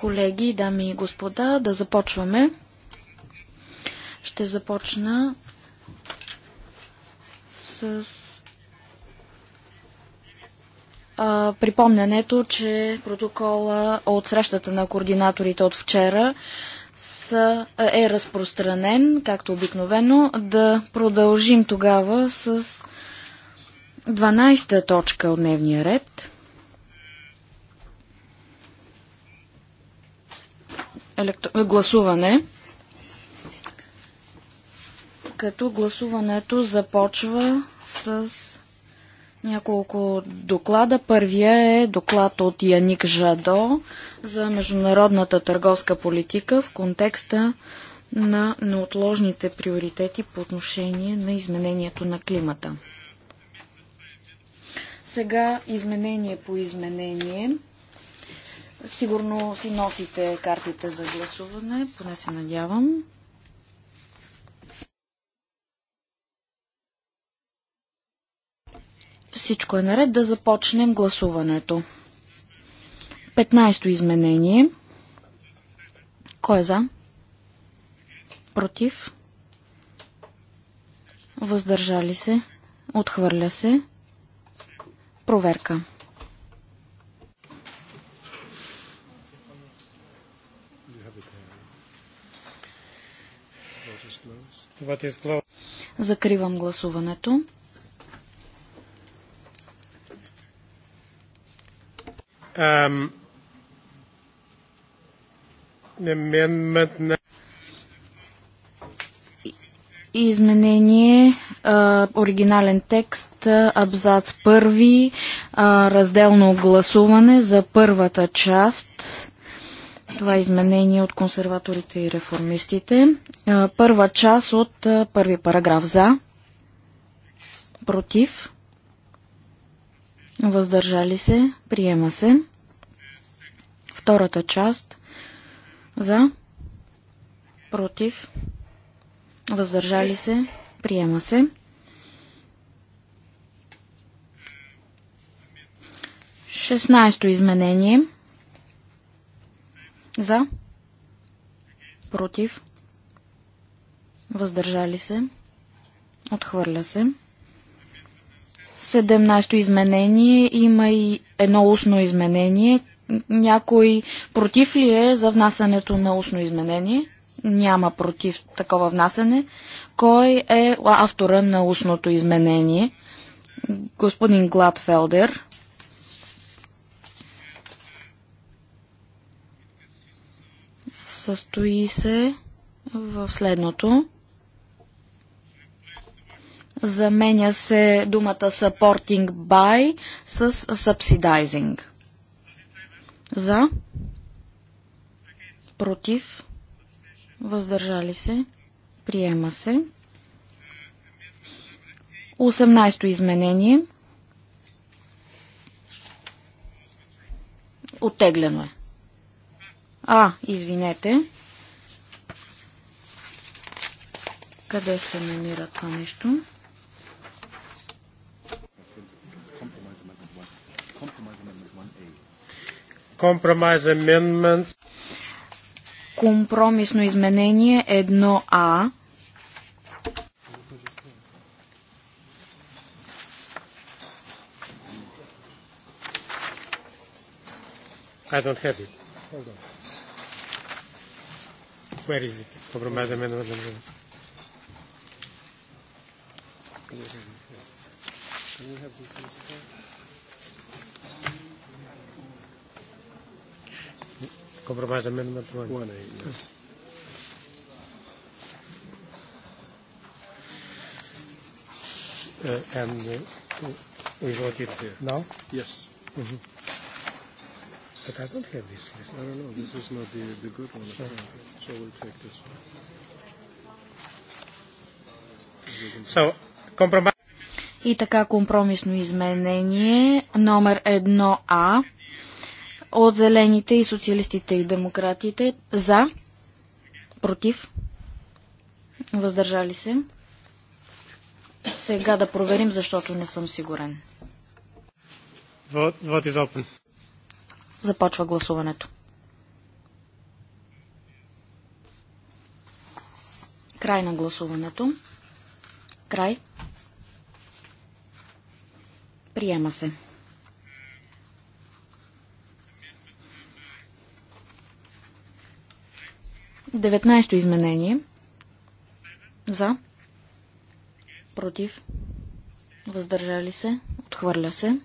Колеги, дами и господа, да започваме. Ще започна с а, припомнянето, че протокола от срещата на координаторите от вчера са, е, е разпространен, както обикновено. Да продължим тогава с 12-та точка от дневния ред. електро... Е, гласуване, като гласуването започва с няколко доклада. Първия е доклад от Яник Жадо за международната търговска политика в контекста на неотложните приоритети по отношение на изменението на климата. Сега изменение по изменение. Сигурно си носите картите за гласуване, поне се надявам. Всичко е наред да започнем гласуването. 15-то изменение. Кой е за? Против? Въздържали се? Отхвърля се? Проверка. Закривам гласуването. Изменение, а, оригинален текст, абзац първи, а, разделно гласуване за първата част това е изменение от консерваторите и реформистите. Първа част от първи параграф за, против, въздържали се, приема се. Втората част за, против, въздържали се, приема се. Шестнайсто изменение – за. Против. Въздържали се. Отхвърля се. 17-то изменение има и едно устно изменение. Някой против ли е за внасянето на устно изменение? Няма против такова внасяне. Кой е автора на устното изменение? Господин Гладфелдер. състои се в следното. Заменя се думата supporting by с subsidizing. За. Против. Въздържали се. Приема се. 18-то изменение. Оттеглено е. А, извинете. Къде се намира това нещо? Компромисно изменение 1А. I don't have it. Hold on. Where is it? Compromise amendment number one. Compromise amendment one. uh, and uh, we vote it now? Yes. Mm-hmm. But I don't have this list. I don't know. This is not the, the good one. Sure. So we'll take this one. So, compromise. И така компромисно изменение номер 1А от зелените и социалистите и демократите за, против, въздържали се. Сега да проверим, защото не съм сигурен. Вот, вот is open. Започва гласуването. Край на гласуването. Край. Приема се. Деветнайсто изменение. За. Против. Въздържали се. Отхвърля се.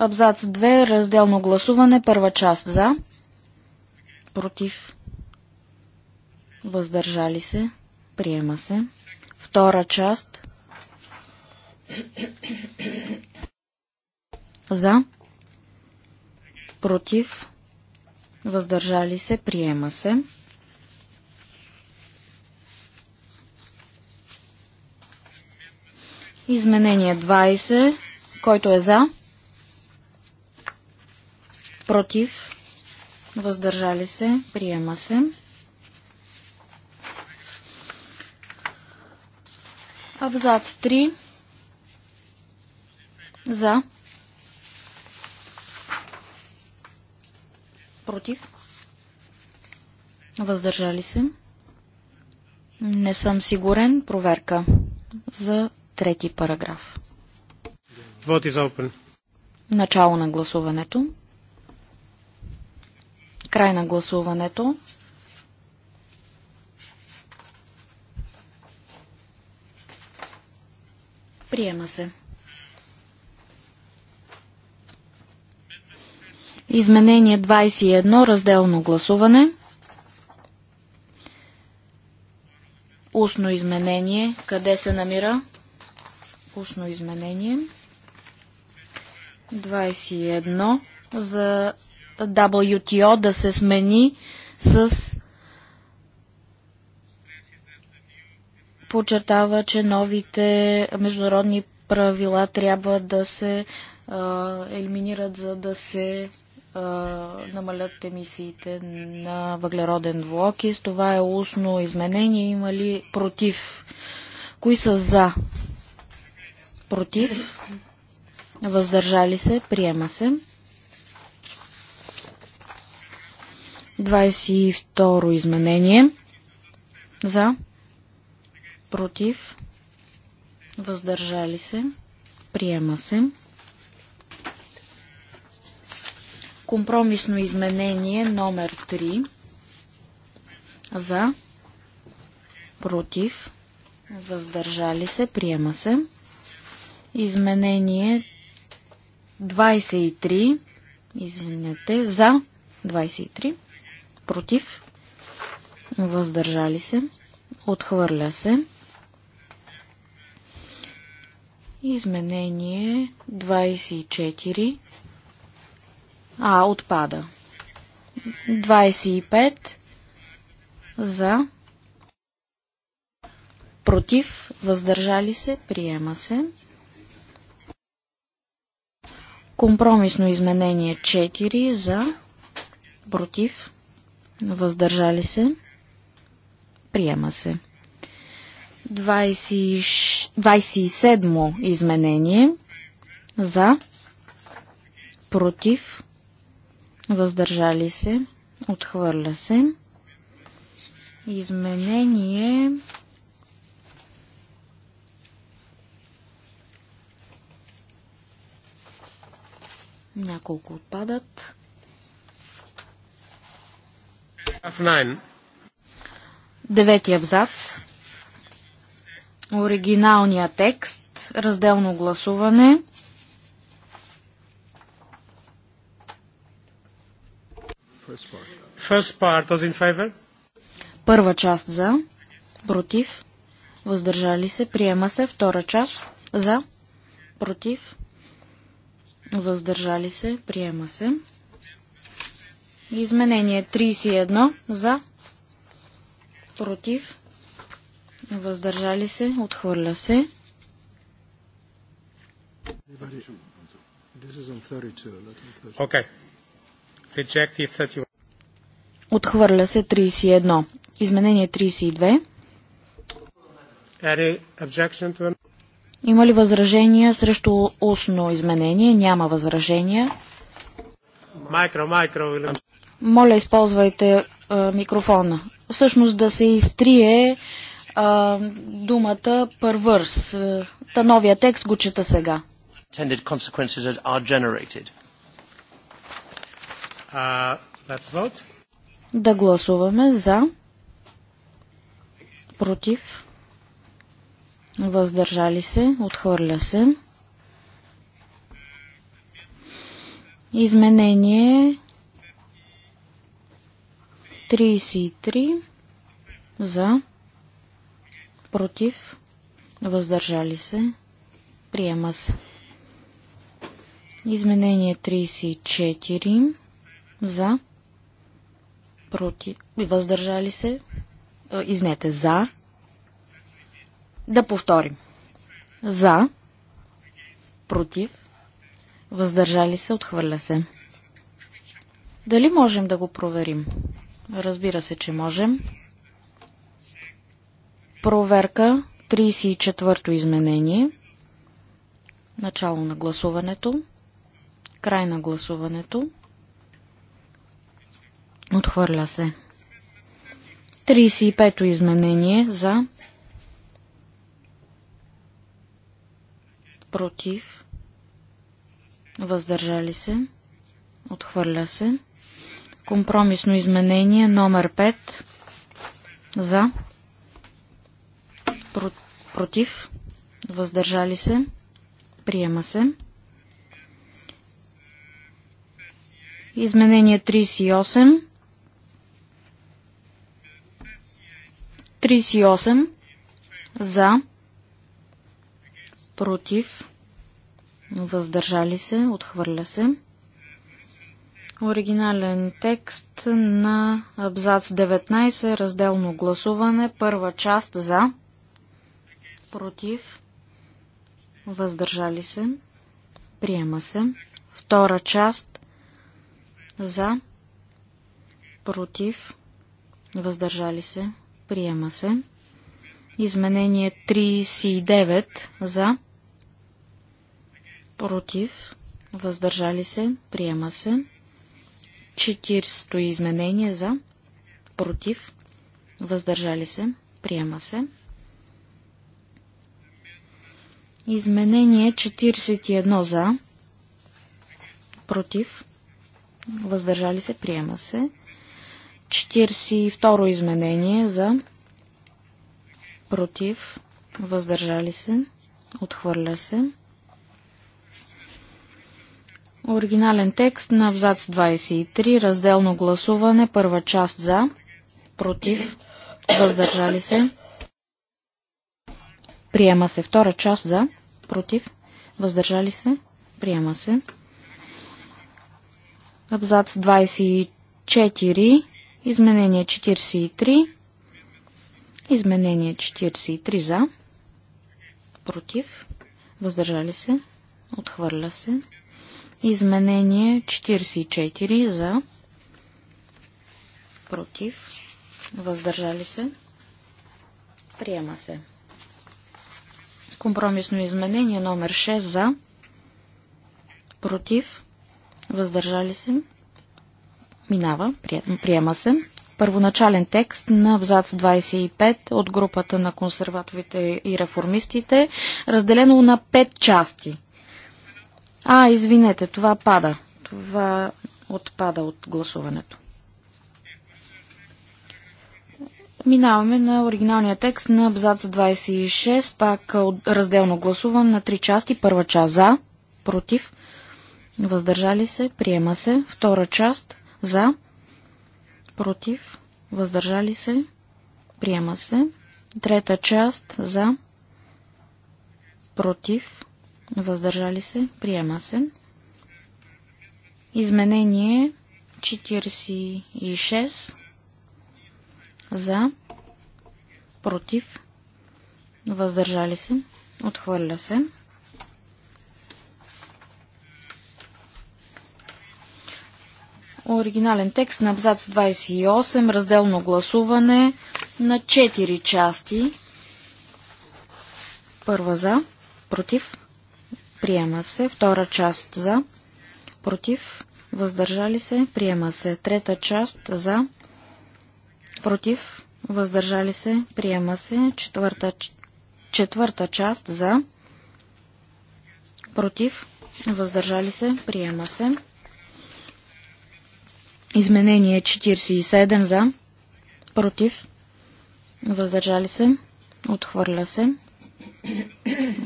Абзац 2. Разделно гласуване. Първа част за. Против. Въздържали се. Приема се. Втора част. За. Против. Въздържали се. Приема се. Изменение 20. Който е за? против, въздържали се, приема се. Абзац 3 за против въздържали се не съм сигурен проверка за трети параграф Начало на гласуването Край на гласуването. Приема се. Изменение 21, разделно гласуване. Устно изменение. Къде се намира? Устно изменение. 21 за WTO да се смени с подчертава, че новите международни правила трябва да се а, елиминират, за да се а, намалят емисиите на въглероден двуокис. Това е устно изменение. Има ли против? Кои са за? Против? Въздържали се? Приема се. 22 изменение. За. Против. Въздържали се. Приема се. Компромисно изменение номер 3. За. Против. Въздържали се. Приема се. Изменение 23. Извинете. За. 23 против, въздържали се, отхвърля се. Изменение 24. А, отпада. 25 за против, въздържали се, приема се. Компромисно изменение 4 за против, въздържали се, приема се. 27 изменение за, против, въздържали се, отхвърля се. Изменение няколко отпадат. Деветия абзац. Оригиналния текст. Разделно гласуване. Първа част за. Против. Въздържали се. Приема се. Втора част за. Против. Въздържали се. Приема се. Изменение 31 за, против, въздържали се, отхвърля се. Okay. Отхвърля се 31. Изменение 32. Има ли възражения срещу устно изменение? Няма възражения. Micro, micro, моля, използвайте а, микрофона. Всъщност да се изтрие а, думата първърс. Та новия текст го чета сега. да гласуваме за, против, въздържали се, отхвърля се. Изменение 33 за, против, въздържали се, приема се. Изменение 34 за, против, въздържали се, изнете за. Да повторим. За, против, въздържали се, отхвърля се. Дали можем да го проверим? Разбира се, че можем. Проверка 34-то изменение. Начало на гласуването. Край на гласуването. Отхвърля се. 35-то изменение за против въздържали се. Отхвърля се. Компромисно изменение номер 5 за против въздържали се приема се. Изменение 38 38 за против въздържали се отхвърля се. Оригинален текст на абзац 19, разделно гласуване, първа част за, против, въздържали се, приема се. Втора част за, против, въздържали се, приема се. Изменение 39 за, против, въздържали се, приема се. 40 изменения изменение за, против, въздържали се, приема се. Изменение 41 за, против, въздържали се, приема се. 42 изменение за, против, въздържали се, отхвърля се. Оригинален текст на абзац 23, разделно гласуване, първа част за, против, въздържали се. Приема се втора част за, против, въздържали се, приема се. Абзац 24, изменение 43, изменение 43 за, против, въздържали се, отхвърля се. Изменение 44 за против, въздържали се, приема се. Компромисно изменение номер 6 за против, въздържали се, минава, приема се. Първоначален текст на абзац 25 от групата на консерваторите и реформистите, разделено на 5 части – а, извинете, това пада. Това отпада от гласуването. Минаваме на оригиналния текст на абзац 26, пак разделно гласуван на три части. Първа част за, против, въздържали се, приема се. Втора част за, против, въздържали се, приема се. Трета част за, против, въздържали се, приема се. Изменение 46 за, против, въздържали се, отхвърля се. Оригинален текст на абзац 28, разделно гласуване на 4 части. Първа за, против, Приема се. Втора част за. Против. Въздържали се. Приема се. Трета част за. Против. Въздържали се. Приема се. Четвърта, четвърта част за. Против. Въздържали се. Приема се. Изменение 47 за. Против. Въздържали се. Отхвърля се.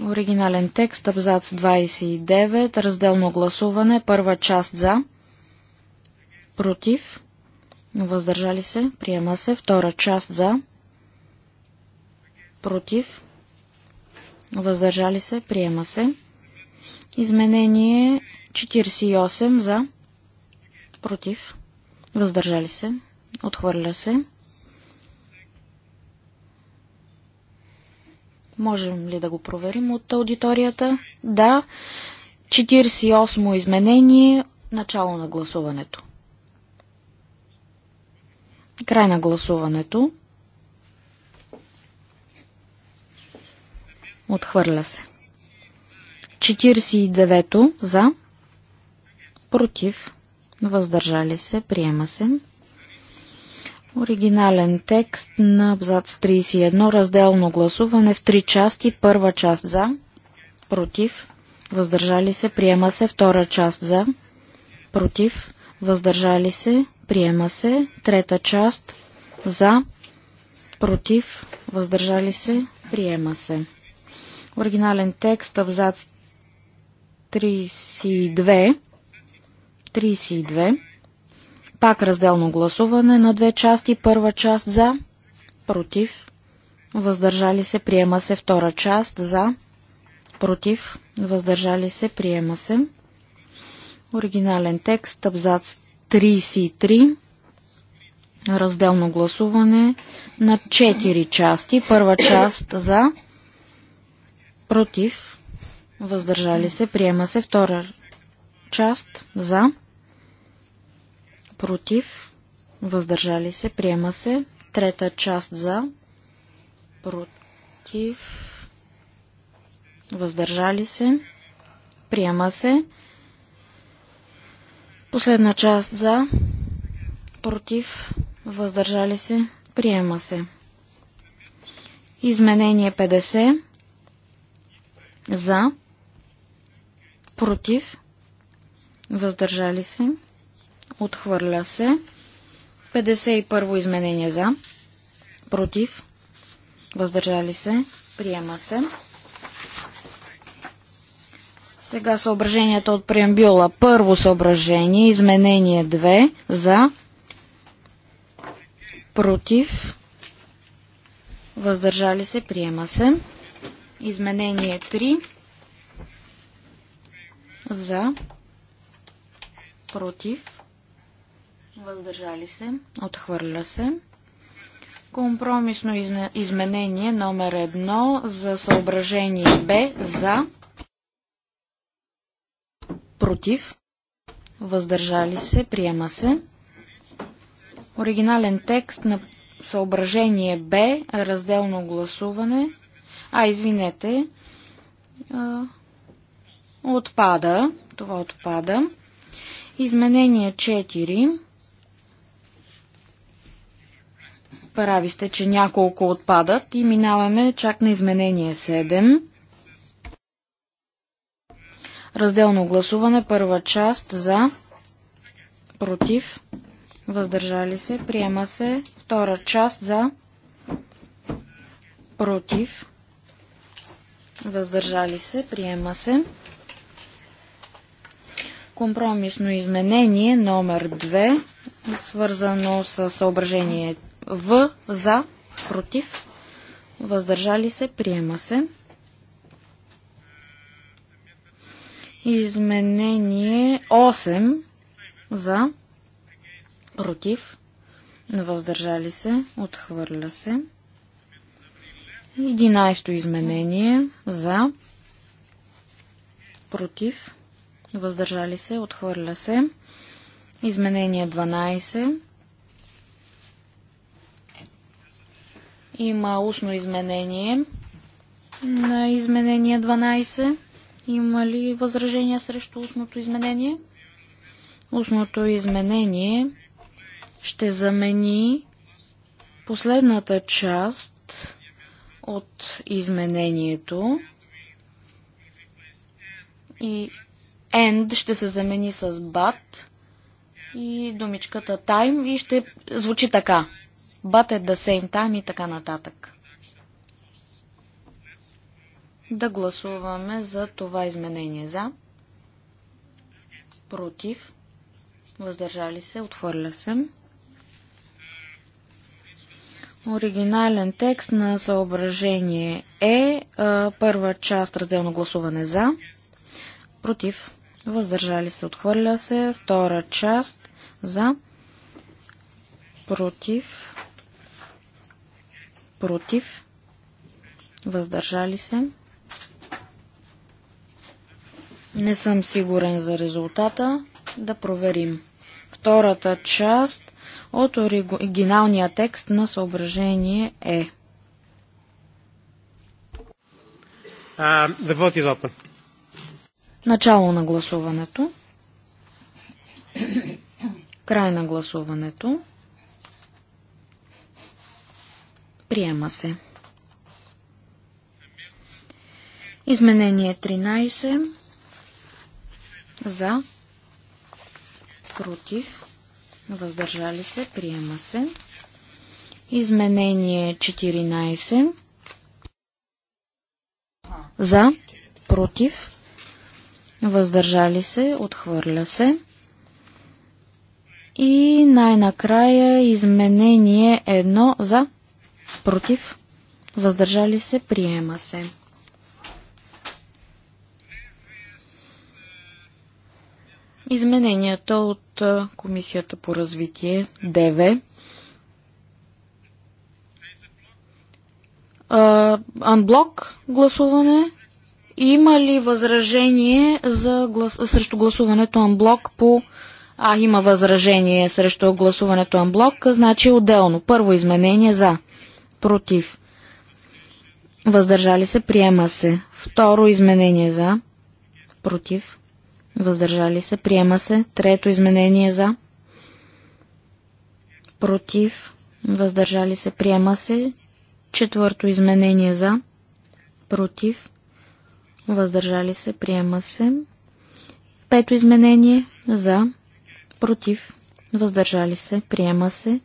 Оригинален текст, абзац 29, разделно гласуване, първа част за, против, въздържали се, приема се, втора част за, против, въздържали се, приема се. Изменение 48 за, против, въздържали се, отхвърля се. Можем ли да го проверим от аудиторията? Да. 48 изменение. Начало на гласуването. Край на гласуването. Отхвърля се. 49 за. Против. Въздържали се. Приема се. Оригинален текст на абзац 31, разделно гласуване в три части. Първа част за, против, въздържали се, приема се. Втора част за, против, въздържали се, приема се. Трета част за, против, въздържали се, приема се. Оригинален текст, абзац 32, 32 пак разделно гласуване на две части. Първа част за, против, въздържали се, приема се. Втора част за, против, въздържали се, приема се. Оригинален текст, абзац 33 разделно гласуване на 4 части. Първа част за, против, въздържали се, приема се. Втора част за, против, въздържали се, приема се. Трета част за, против, въздържали се, приема се. Последна част за, против, въздържали се, приема се. Изменение 50 за, против, въздържали се, Отхвърля се. 51 изменение за. Против. Въздържали се. Приема се. Сега съображенията от преамбюла. Първо съображение, изменение 2 за, против, въздържали се, приема се. Изменение 3 за, против, Въздържали се. Отхвърля се. Компромисно изменение номер едно за съображение Б за против. Въздържали се. Приема се. Оригинален текст на съображение Б, разделно гласуване. А, извинете. Отпада. Това отпада. Изменение 4 Прави сте, че няколко отпадат и минаваме чак на изменение 7. Разделно гласуване, първа част за, против, въздържали се, приема се, втора част за, против, въздържали се, приема се. Компромисно изменение номер 2, свързано с съображение в за, против, въздържали се, приема се. Изменение 8 за, против, въздържали се, отхвърля се. 11 изменение за, против, въздържали се, отхвърля се. Изменение 12 Има устно изменение на изменение 12. Има ли възражения срещу устното изменение? Устното изменение ще замени последната част от изменението и end ще се замени с but и думичката time и ще звучи така but at the same time и така нататък. Да гласуваме за това изменение. За. Против. Въздържали се. Отхвърля се. Оригинален текст на съображение е първа част разделно гласуване за, против, въздържали се, отхвърля се, втора част за, против, против, въздържали се. Не съм сигурен за резултата. Да проверим. Втората част от оригиналния текст на съображение е. Uh, Начало на гласуването. Край на гласуването. Приема се. Изменение 13 за против въздържали се. Приема се. Изменение 14 за против въздържали се. Отхвърля се. И най-накрая изменение 1 за Против. Въздържали се. Приема се. Измененията от Комисията по развитие ДВ. Анблок гласуване. Има ли възражение за глас... срещу гласуването анблок по... А, има възражение срещу гласуването анблок, значи отделно. Първо изменение за против, въздържали се, приема се. Второ изменение за, против, въздържали се, приема се. Трето изменение за, против, въздържали се, приема се. Четвърто изменение за, против, въздържали се, приема се. Пето изменение за, против, въздържали се, приема се.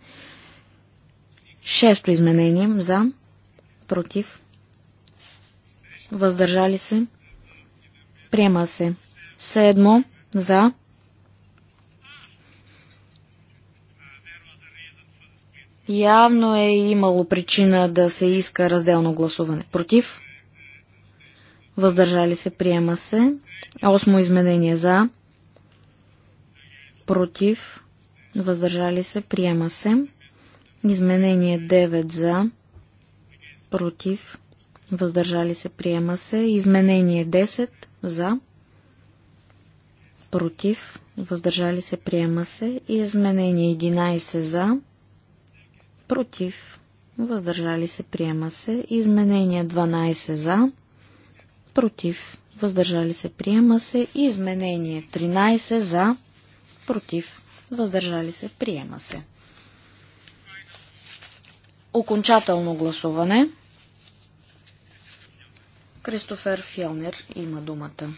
Шесто изменение за, против, въздържали се, приема се. Седмо за, Явно е имало причина да се иска разделно гласуване. Против? Въздържали се, приема се. Осмо изменение за. Против? Въздържали се, приема се. Изменение 9 за, против, въздържали се, приема се. Изменение 10 за, против, въздържали се, приема се. Изменение 11 за, против, въздържали се, приема се. Изменение 12 за, против, въздържали се, приема се. Изменение 13 за, против, въздържали се, приема се. Окончателно гласуване. Кристофер Фелнер има думата.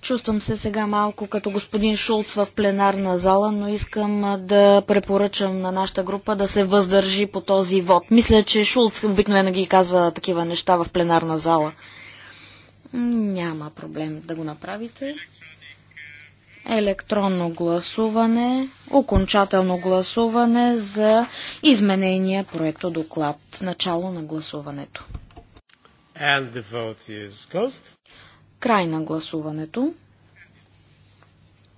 Чувствам се сега малко като господин Шулц в пленарна зала, но искам да препоръчам на нашата група да се въздържи по този вод. Мисля, че Шулц обикновено ги казва такива неща в пленарна зала. Няма проблем да го направите електронно гласуване, окончателно гласуване за изменения проекто доклад. Начало на гласуването. And the vote is closed. Край на гласуването.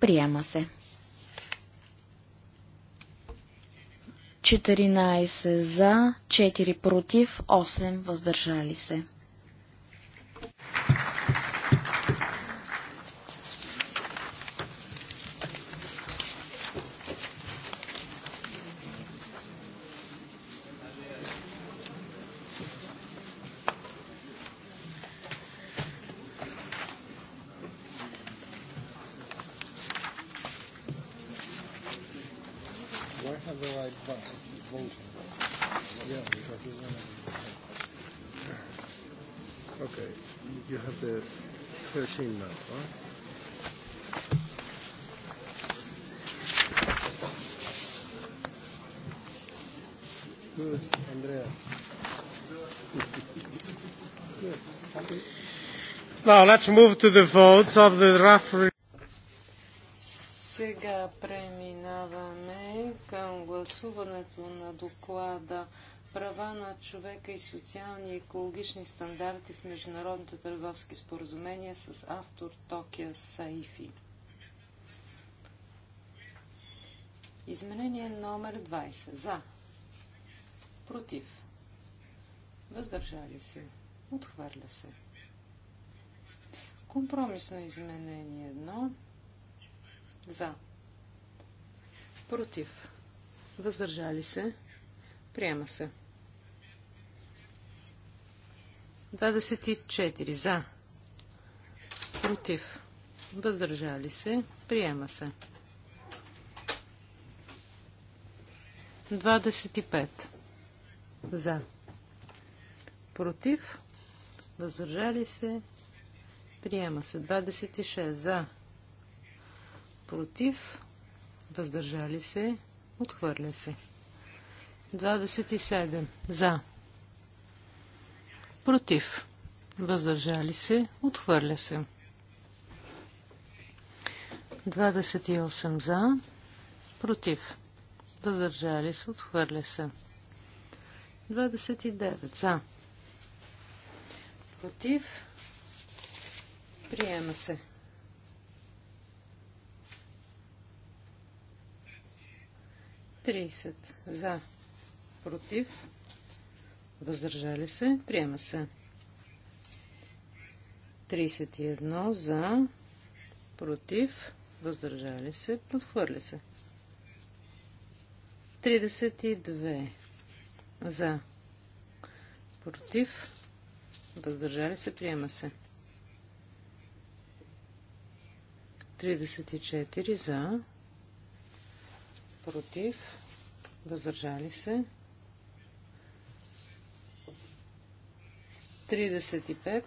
Приема се. 14 за, 4 против, 8 въздържали се. Now let's move to the of the draft. Сега преминаваме към гласуването на доклада права на човека и социални и екологични стандарти в международните търговски споразумения с автор Токия Саифи. Изменение номер 20. За. Против. Въздържали се. Отхвърля се. Компромисно изменение едно. За. Против. Въздържали се. Приема се. 24. За. Против. Въздържали се. Приема се. 25. За. Против. Въздържали се. Приема се 26 за. Против. Въздържали се. Отхвърля се. 27 за. Против. Въздържали се. Отхвърля се. 28 за. Против. Въздържали се. Отхвърля се. 29 за. Против. Приема се. Тридесет за. Против. Въздържали се. Приема се. 31 за. Против. Въздържали се. Подхвърля се. 32 за. Против. Въздържали се. Приема се. 34 за, против, въздържали се. 35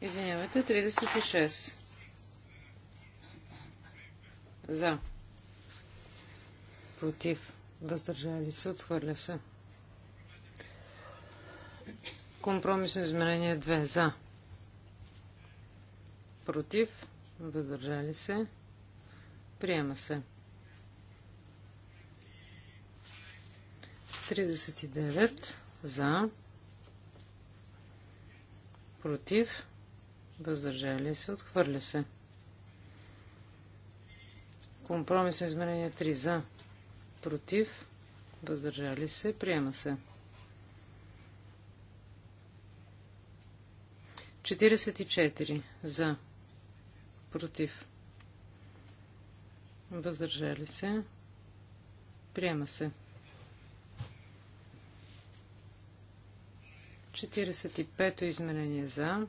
Извинявайте, 36 за, против, въздържали се, отхвърля се. Компромисно измерение 2. За. Против. Въздържали се. Приема се. 39. За. Против. Въздържали се. Отхвърля се. Компромисно измерение 3. За. Против. Въздържали се. Приема се. 44 за, против, въздържали се, приема се. 45-то изменение за,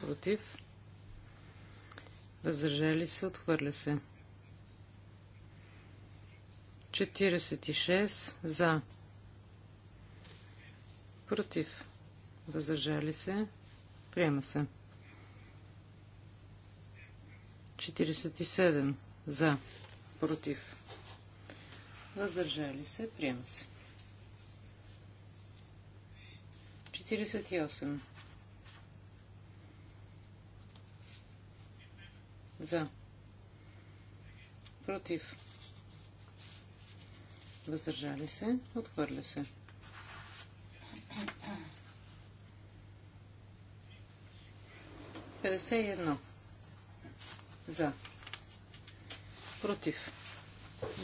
против, въздържали се, отхвърля се. 46 за, против, въздържали се, Приема се. 47 за. Против. Въздържали се. Приема се. 48 за. Против. Въздържали се. Отхвърля се. 51. За. Против.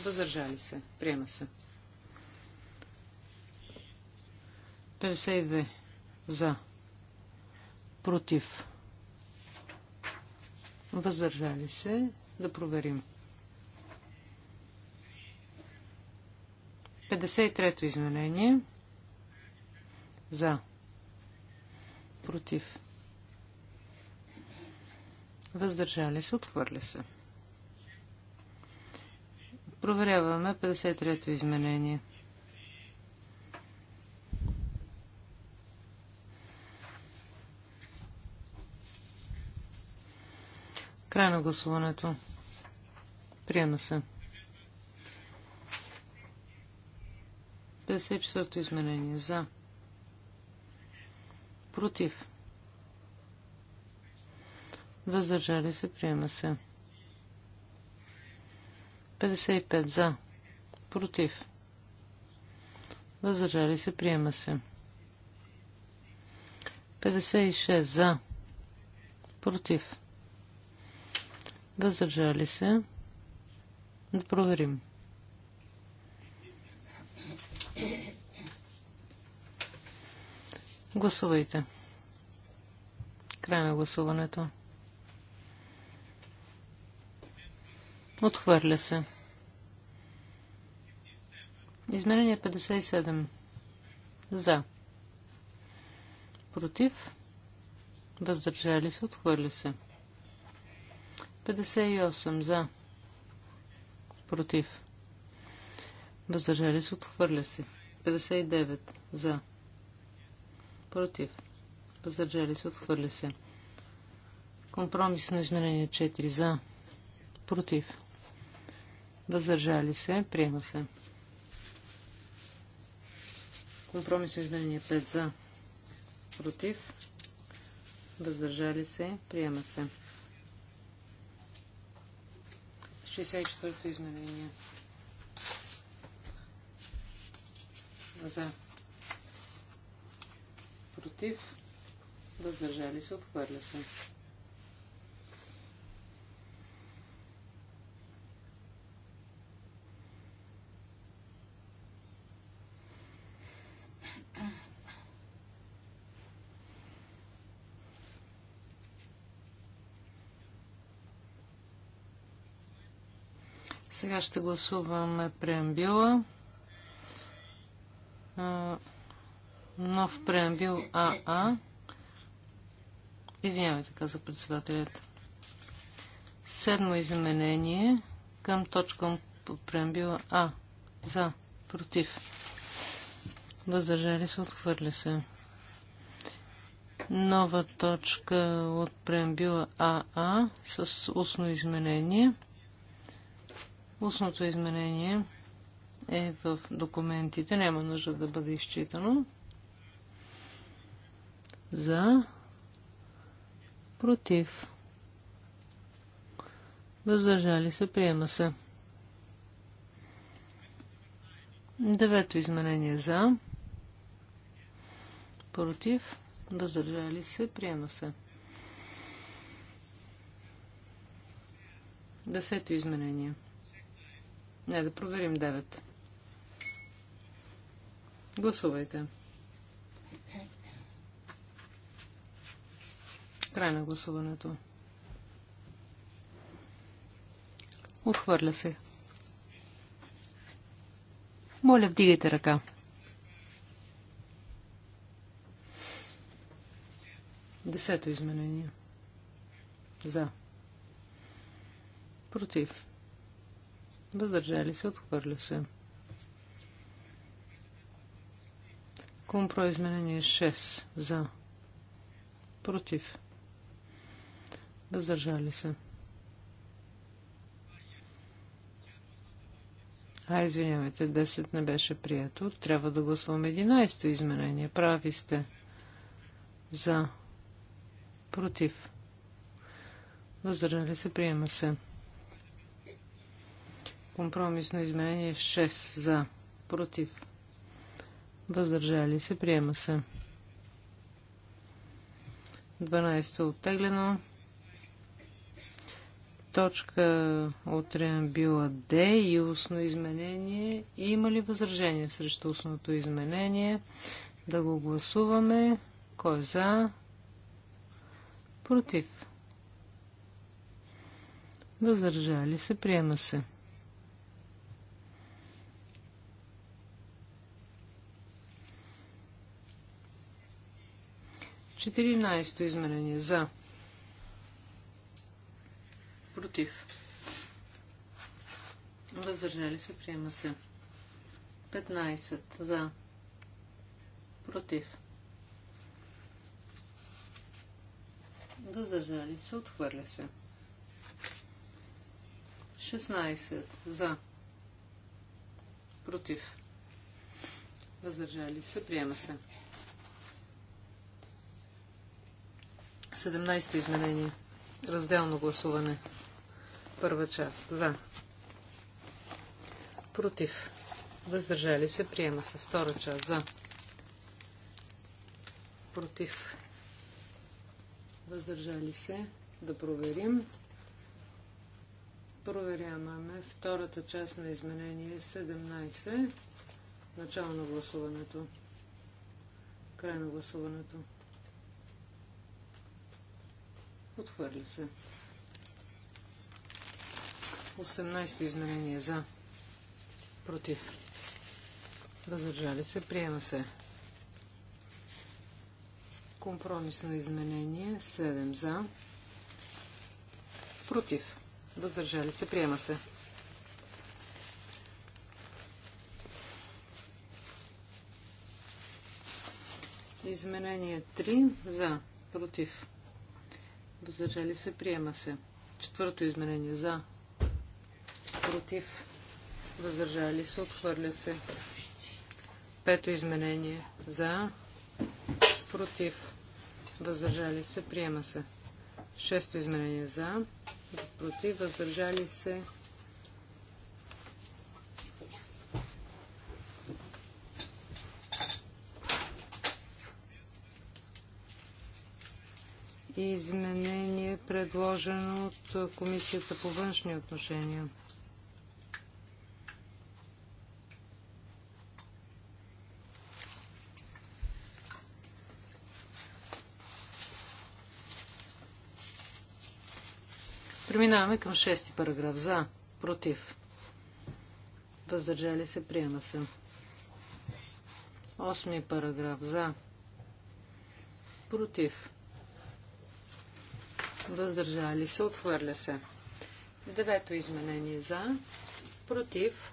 Въздържали се. Приема се. 52. За. Против. Въздържали се. Да проверим. 53-то изменение. За. Против въздържали се, отхвърля се. Проверяваме 53-то изменение. Край на гласуването. Приема се. 54-то изменение. За. Против въздържали се, приема се. 55 за, против, въздържали се, приема се. 56 за, против, въздържали се. Да проверим. Гласувайте. Край на гласуването. Отхвърля се. Измерение 57. За. Против. Въздържали се. Отхвърля се. 58. За. Против. Въздържали се. Отхвърля се. 59. За. Против. Въздържали се. Отхвърля се. Компромисно измерение 4. За. Против. Въздържали се. Приема се. Компромисно изменение 5 за. Против. Въздържали се. Приема се. 64-то изменение. За. Против. Въздържали се. Отхвърля се. Сега ще гласуваме преамбила. Нов преамбил АА. Извинявайте, каза председателят. Седмо изменение към точка от преамбила А. За. Против. Въздържали се, отхвърля се. Нова точка от преамбила АА с устно изменение – Устното изменение е в документите, няма нужда да бъде изчитано. За, против, въздържали се, приема се. Девето изменение за, против, въздържали се, приема се. Десето изменение – не, да проверим 9. Гласувайте. Край на гласуването. Отхвърля се. Моля, вдигайте ръка. Десето изменение. За. Против. Въздържали се, отхвърля се. Компро 6 за. Против. Въздържали се. А, извинявайте, 10 не беше прието. Трябва да гласуваме 11-то изменение. Прави сте. За. Против. Въздържали се, приема се. Компромисно изменение 6 за. Против. Въздържали се. Приема се. 12 е оттеглено. Точка от реамбила Д и устно изменение. Има ли възражение срещу устното изменение? Да го гласуваме. Кой е за? Против. Въздържали се. Приема се. 14-то измерение. За. Против. Въздържали се. Приема се. 15. За. Против. Въздържали се. Отхвърля се. 16. За. Против. Въздържали се. Приема се. 17 то изменение. Разделно гласуване. Първа част. За. Против. Въздържали се. Приема се. Втора част. За. Против. Въздържали се. Да проверим. Проверяваме втората част на изменение 17. Начало на гласуването. Край на гласуването. Отхвърля се. 18-то изменение за. Против. Въздържали се. Приема се. Компромисно изменение. 7 за. Против. Въздържали се. Приема се. Изменение 3 за. Против. Въздържали се. Приема се. Четвърто изменение. За. Против. Въздържали се. Отхвърля се. Пето изменение. За. Против. Въздържали се. Приема се. Шесто изменение. За. Против. Въздържали се. изменение, предложено от Комисията по външни отношения. Преминаваме към шести параграф. За. Против. Въздържали се. Приема се. Осми параграф. За. Против въздържали се, отхвърля се. Девето изменение за, против,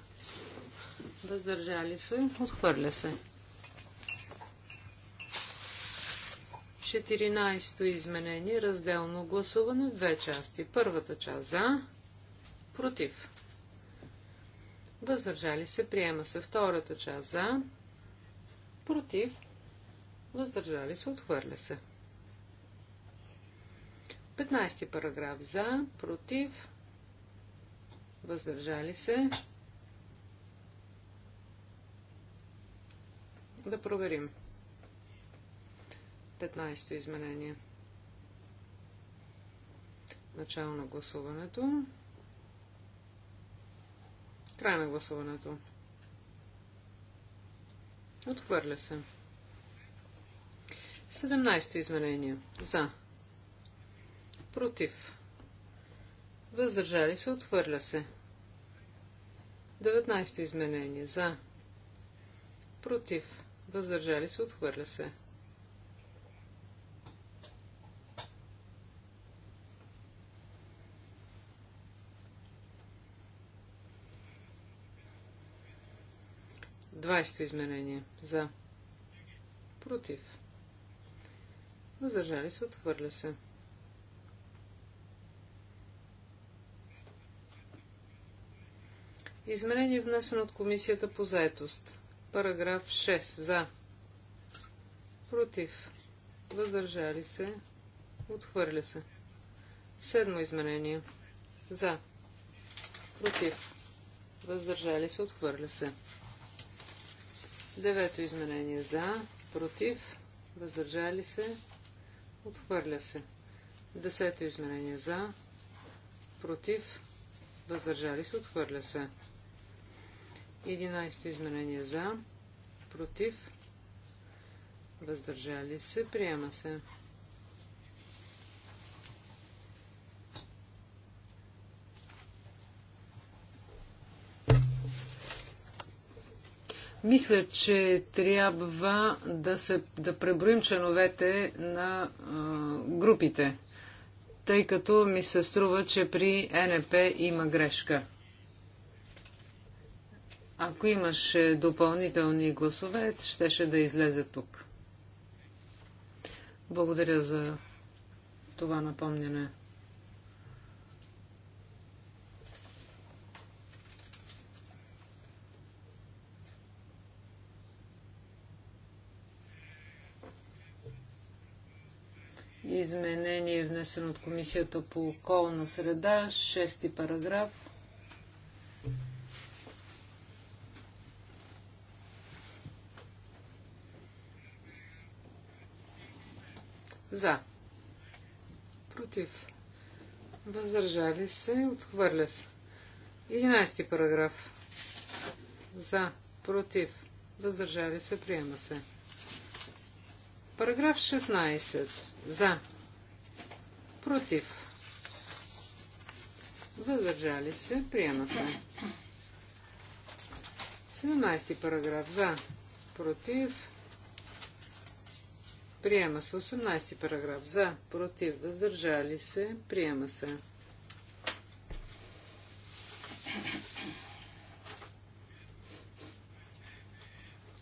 въздържали се, отхвърля се. 14 изменение, разделно гласуване две части. Първата част за, против. Въздържали се, приема се втората част за, против, въздържали се, отхвърля се. 15 параграф за, против, въздържали се. Да проверим. 15 изменение. Начало на гласуването. Край на гласуването. Отхвърля се. 17 изменение. За. Против. Въздържали се, отхвърля се. 19 то изменение. За. Против. Въздържали се, отхвърля се. Двайсто изменение. За. Против. Въздържали се, отхвърля се. Изменение внесено от Комисията по заетост. Параграф 6. За. Против. Въздържали се. Отхвърля се. Седмо изменение. За. Против. Въздържали се. Отхвърля се. Девето изменение. За. Против. Въздържали се. Отхвърля се. Десето изменение. За. Против. Въздържали се. Отхвърля се. 11 изменение за, против, въздържали се, приема се. Мисля, че трябва да, се, да преброим членовете на а, групите, тъй като ми се струва, че при НП има грешка. Ако имаше допълнителни гласове, щеше да излезе тук. Благодаря за това напомняне. изменение, внесено от Комисията по околна среда, шести параграф. За. Против. Въздържали се. Отхвърля се. 11 параграф. За. Против. Въздържали се. Приема се. Параграф 16. За. Против. Въздържали се. Приема се. 17 параграф. За. Против. Приема се 18 параграф. За, против, въздържали се. Приема се.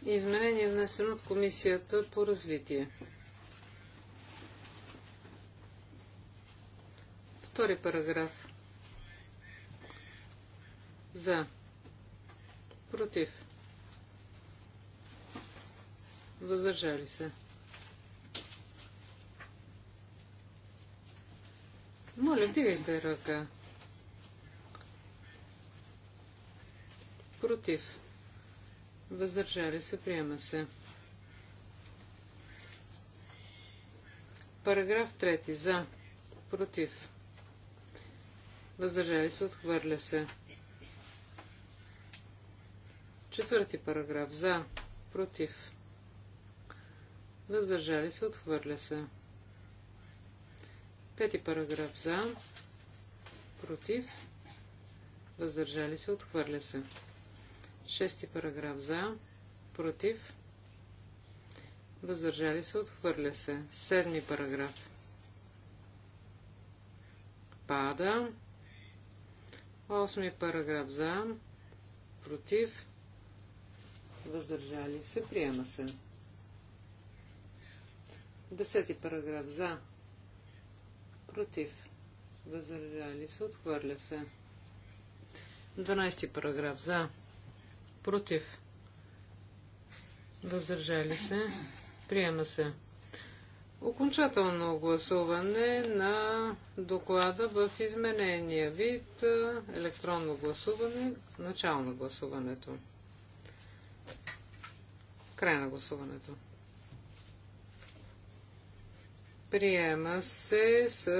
Изменение внесено от Комисията по развитие. Втори параграф. За. Против. Въздържали се. Моля, вдигайте ръка. Против. Въздържали се, приема се. Параграф 3. За. Против. Въздържали се, отхвърля се. Четвърти параграф. За. Против. Въздържали се, отхвърля се. Пети параграф за, против, въздържали се, отхвърля се. Шести параграф за, против, въздържали се, отхвърля се. Седми параграф. Пада. Осми параграф за, против, въздържали се, приема се. Десети параграф за, против, въздържали се, отхвърля се. 12 параграф за, против, въздържали се, приема се. Окончателно гласуване на доклада в изменения вид електронно гласуване, начало на гласуването. Край на гласуването. Приема се с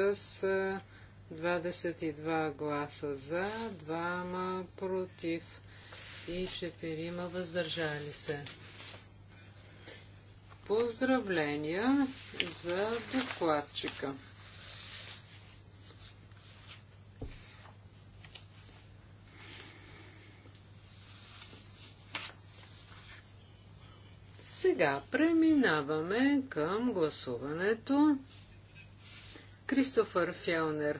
22 гласа за, 2 против и 4 въздържали се. Поздравления за докладчика. Сега преминаваме към гласуването. Кристофър Фелнер.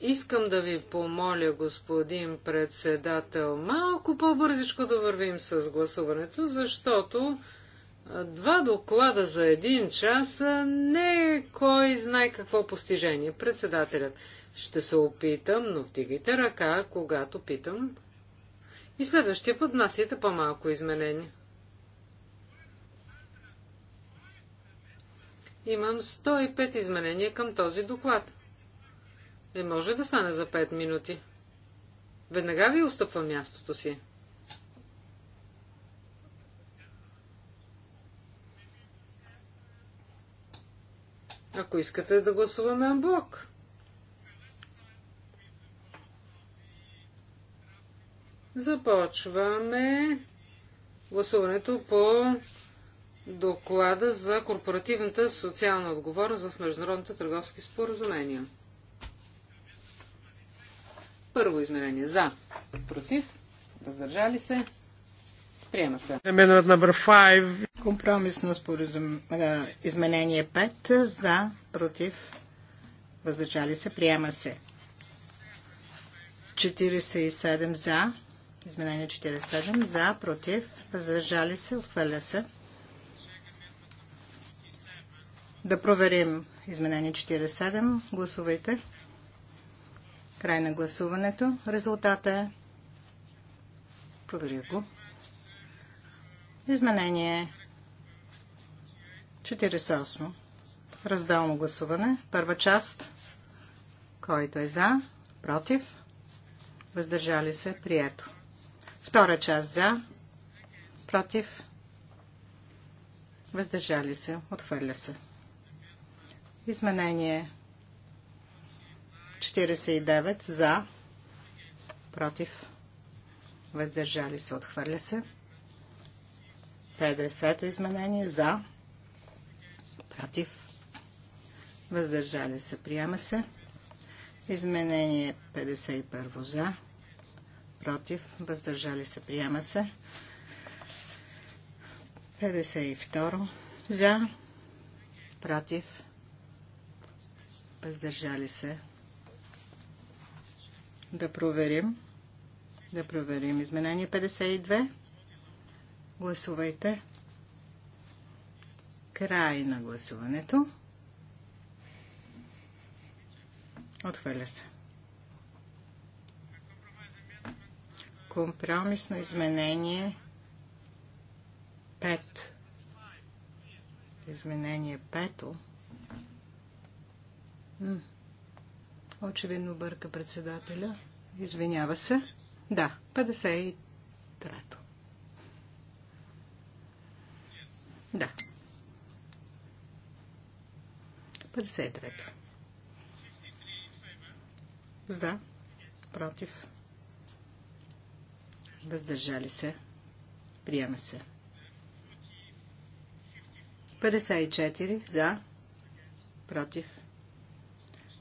Искам да ви помоля, господин председател, малко по-бързичко да вървим с гласуването, защото два доклада за един час не е кой знае какво постижение. Председателят. Ще се опитам, но вдигайте ръка, когато питам. И следващия път внасяйте по-малко изменения. Имам 105 изменения към този доклад. Не може да стане за 5 минути. Веднага ви устъпва мястото си. Ако искате да гласуваме анблок. Започваме гласуването по доклада за корпоративната социална отговорност в международните търговски споразумения. Първо измерение за, против, въздържали се, приема се. Компромисно споразум... изменение 5 за, против, въздържали се, приема се. 47 за, изменение 47 за, против, въздържали се, отхвърля се. Да проверим изменение 47. Гласувайте. Край на гласуването. Резултата е. Проверя го. Изменение 48. Разделно гласуване. Първа част. Който е за, против, въздържали се, прието. Втора част за, против, въздържали се, отхвърля се. Изменение 49 за, против, въздържали се, отхвърля се. 50 изменение за, против, въздържали се, приема се. Изменение 51 за, против, въздържали се, приема се. 52 за, против, Въздържали се. Да проверим. Да проверим. Изменение 52. Гласувайте. Край на гласуването. Отхвърля се. Компромисно изменение 5. Изменение 5. Очевидно бърка председателя. Извинява се. Да, 53-то. Да. 53-то. За. Против. Въздържали се. Приема се. 54 за. Против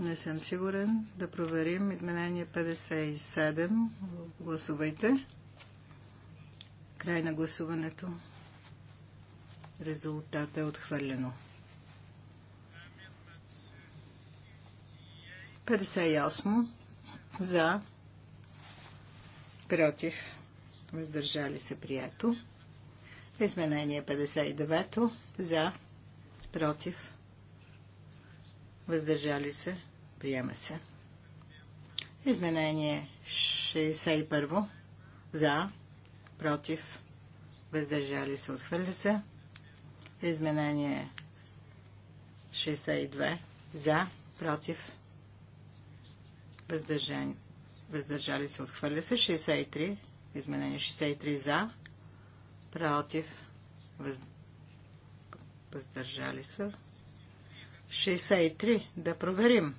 Не съм сигурен. Да проверим. Изменение 57. Гласувайте. Край на гласуването. Резултатът е отхвърлено. 58. За. Против. Въздържали се прието. Изменение 59. За. Против. Въздържали се. Приема се. Изменение 61. За. Против. Въздържали се. Отхвърля се. Изменение 62. За. Против. Въздържани. Въздържали се. Отхвърля се. 63. Изменение 63. За. Против. Въз... Въздържали се. 63. Да проверим.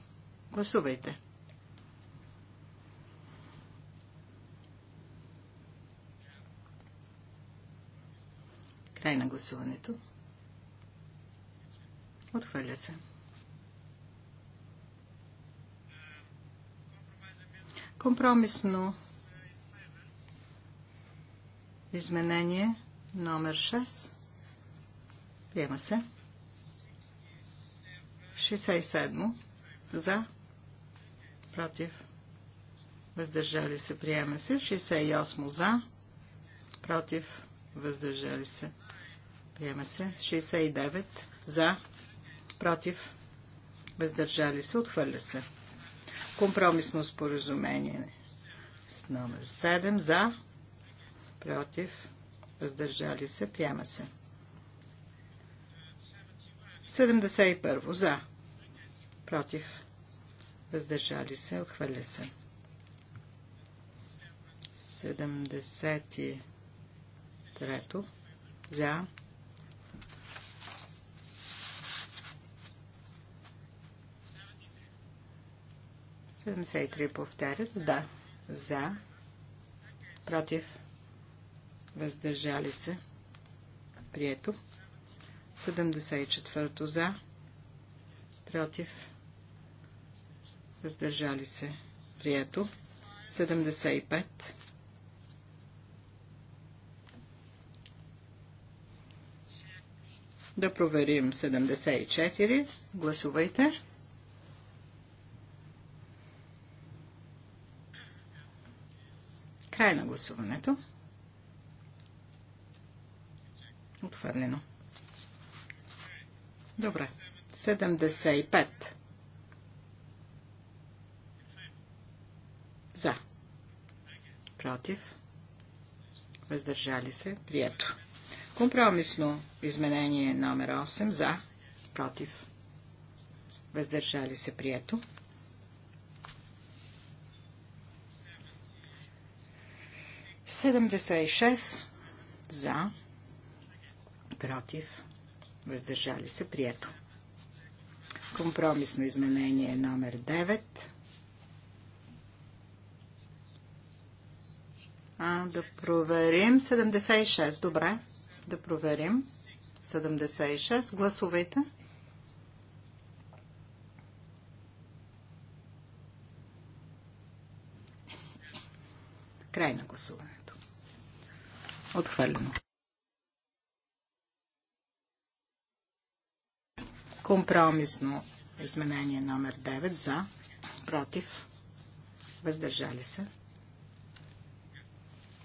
Гласувайте. Край на гласуването. Отхвърля се. Компромисно изменение номер 6. Приема се. 67 за против, въздържали се, приема се. 68 за, против, въздържали се, приема се. 69 за, против, въздържали се, отхвърля се. Компромисно споразумение с номер 7 за, против, въздържали се, приема се. 71 за, против, въздържали се, отхвърля се. 73 за Седемдесет и три повтарят. Да. За. Против. Въздържали се. Прието. 74 за. Против Въздържали се. Прието. 75. Да проверим 74. Гласувайте. Край на гласуването. Отвърлено. Добре. 75. За. Против. Въздържали се. Прието. Компромисно изменение номер 8. За. Против. Въздържали се. Прието. 76 за, против, въздържали се, прието. Компромисно изменение номер 9 А, да проверим. 76. Добре. Да проверим. 76. Гласувайте. Край на гласуването. Отхвърлено. Компромисно изменение номер 9 за, против, въздържали се,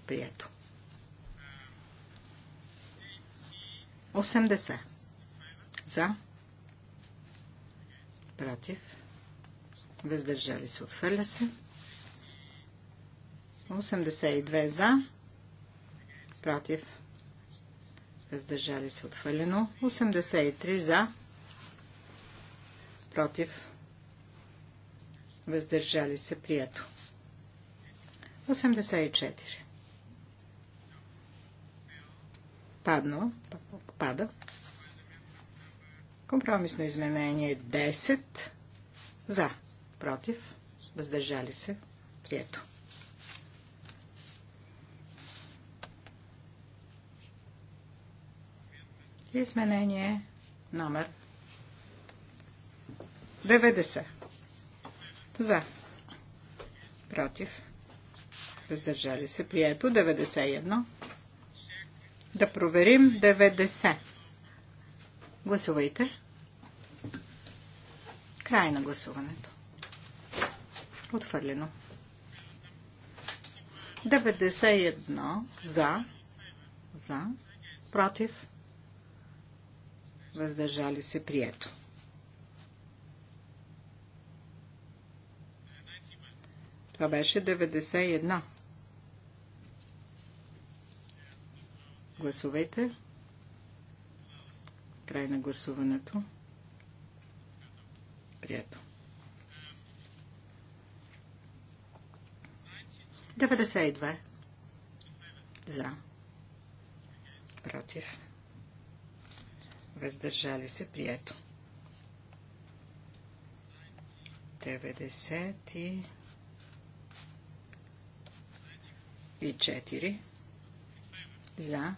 Прието. 80. За. Против. Въздържали се. Отхвърля се. 82 за. Против. Въздържали се. Отхвърлено. 83 за. Против. Въздържали се. Прието. 84. Паднала. Пада. Компромисно изменение 10. За. Против. Въздържали се. Прието. Изменение номер 90. За. Против. Въздържали се. Прието. 91. Да проверим 90. Гласувайте. Край на гласуването. Отхвърлено. 91 за, за, против, въздържали се прието. Това беше 91 Гласувайте. Край на гласуването. Прието. 92. За. Против. Въздържали се. Прието. 90 и 4. За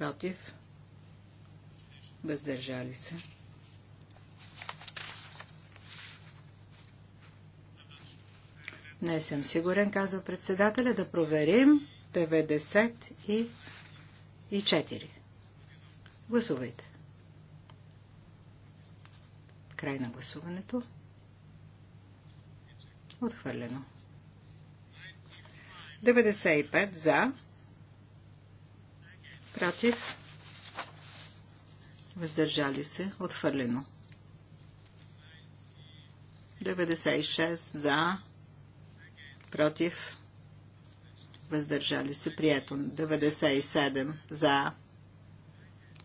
против, въздържали се. Не съм сигурен, казва председателя, да проверим 90 и 4. Гласувайте. Край на гласуването. Отхвърлено. 95 за, против, въздържали се, отхвърлено. 96 за, против, въздържали се, прието. 97 за,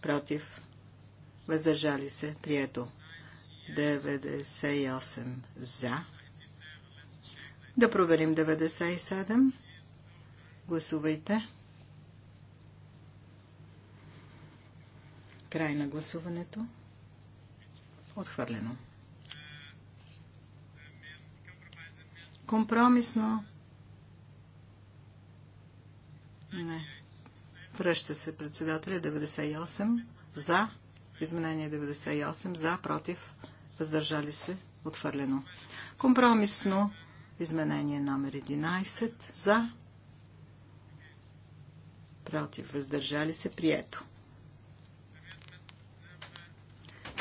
против, въздържали се, прието. 98 за. Да проверим 97. Гласувайте. Край на гласуването. Отхвърлено. Компромисно. Не. Връща се председателя 98 за. Изменение 98 за, против, въздържали се, отхвърлено. Компромисно изменение номер 11 за, против, въздържали се, прието.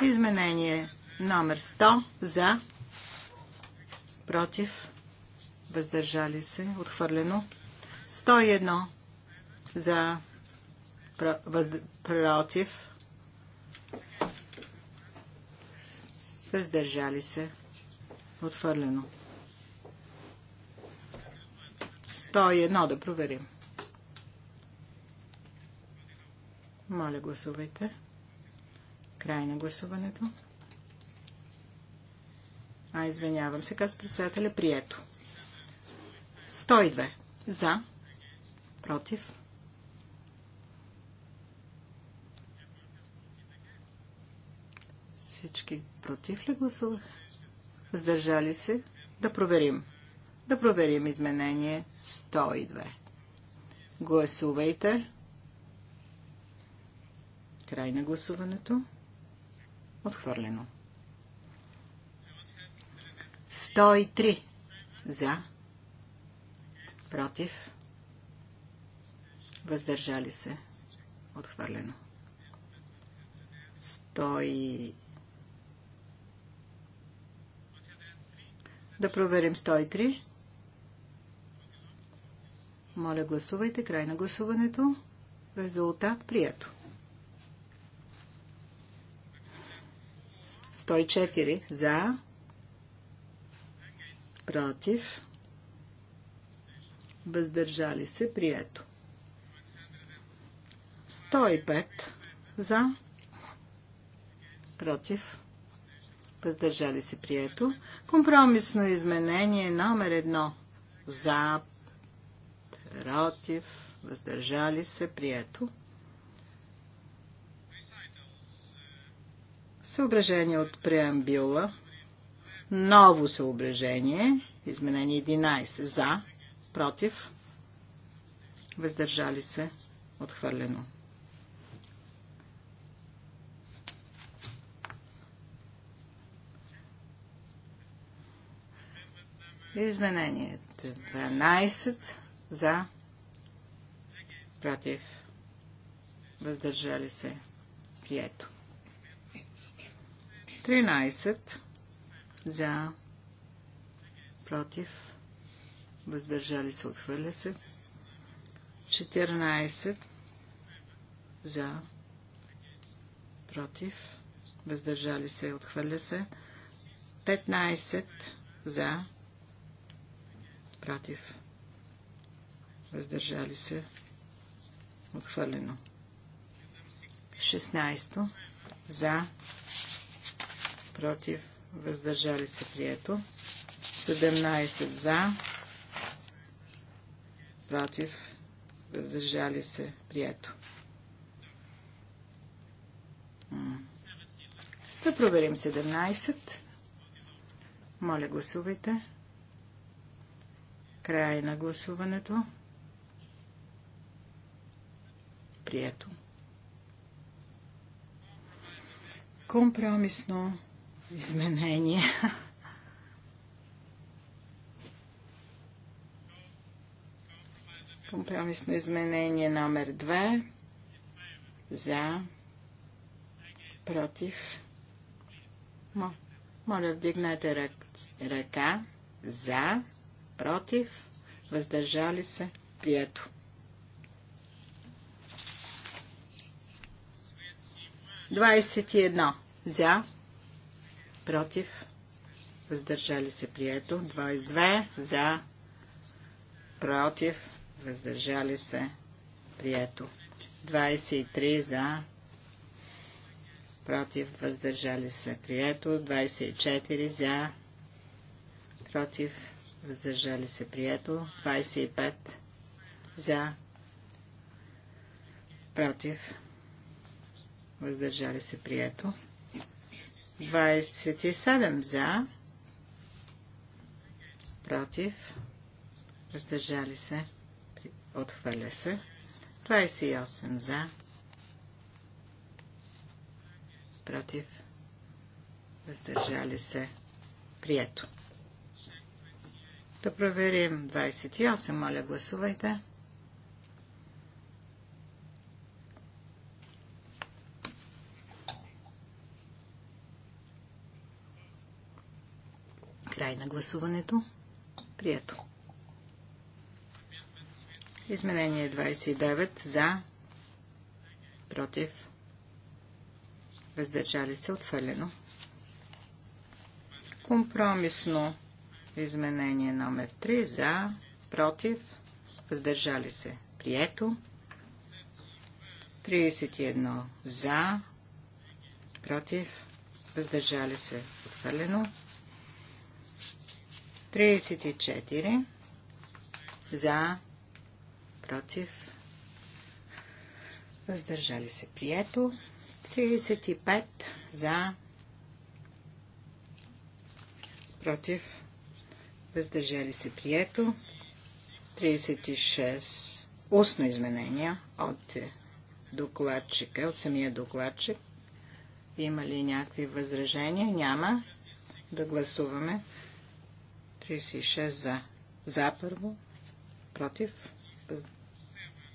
Изменение номер 100 за, против, въздържали се, отхвърлено. 101 за, против, въздържали се, отхвърлено. 101 да проверим. Моля, гласувайте. Край на гласуването. А, извинявам се, каза председателя, прието. 102. За. Против. Всички против ли гласувах? Въздържали се? Да проверим. Да проверим изменение 102. Гласувайте. Край на гласуването. Отхвърлено. 103 за, против, въздържали се, отхвърлено. 100 Да проверим 103. Моля, гласувайте. Край на гласуването. Резултат прието. 104 за, против, въздържали се, прието. 105 за, против, въздържали се, прието. Компромисно изменение номер 1 за, против, въздържали се, прието. Съображение от преамбюла. Ново съображение. Изменение 11. За. Против. Въздържали се. Отхвърлено. Изменение 12 за против въздържали се прието. 13 за, против, въздържали се, отхвърля се. 14 за, против, въздържали се, отхвърля се. 15 за, против, въздържали се, отхвърлено. 16 за, против, въздържали се, прието. 17 за, против, въздържали се, прието. Ще проверим 17. Моля, гласувайте. Край на гласуването. Прието. Компромисно изменения. Компромисно изменение номер 2. За. Против. Моля, вдигнете ръка. За. Против. Въздържали се. Прието. Двадесет едно. За против, въздържали се прието, 22 за, против, въздържали се прието, 23 за, против, въздържали се прието, 24 за, против, въздържали се прието, 25 за, против, въздържали се прието. 27 за, против, раздържали се, отхвърля се. 28 за, против, въздържали се, прието. Да проверим 28, моля гласувайте. Край на гласуването. Прието. Изменение 29 за, против, въздържали се, отхвърлено. Компромисно изменение номер 3 за, против, въздържали се, прието. 31 за, против, въздържали се, отхвърлено. 34 за, против, въздържали се прието. 35 за, против, въздържали се прието. 36 устно изменение от докладчика, от самия докладчик. Има ли някакви възражения? Няма. Да гласуваме. 36 за. За първо. Против.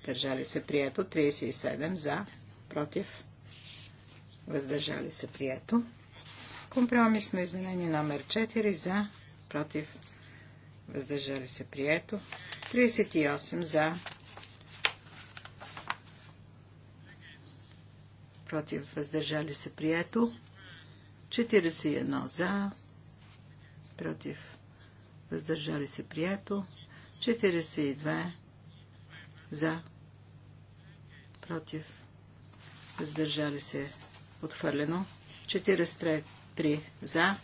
Въздържали се прието. 37 за. Против. Въздържали се прието. Компромисно изменение номер 4 за. Против. Въздържали се прието. 38 за. Против. Въздържали се прието. 41 за. Против въздържали се прието, 42 за, против, въздържали се отхвърлено, 43 за,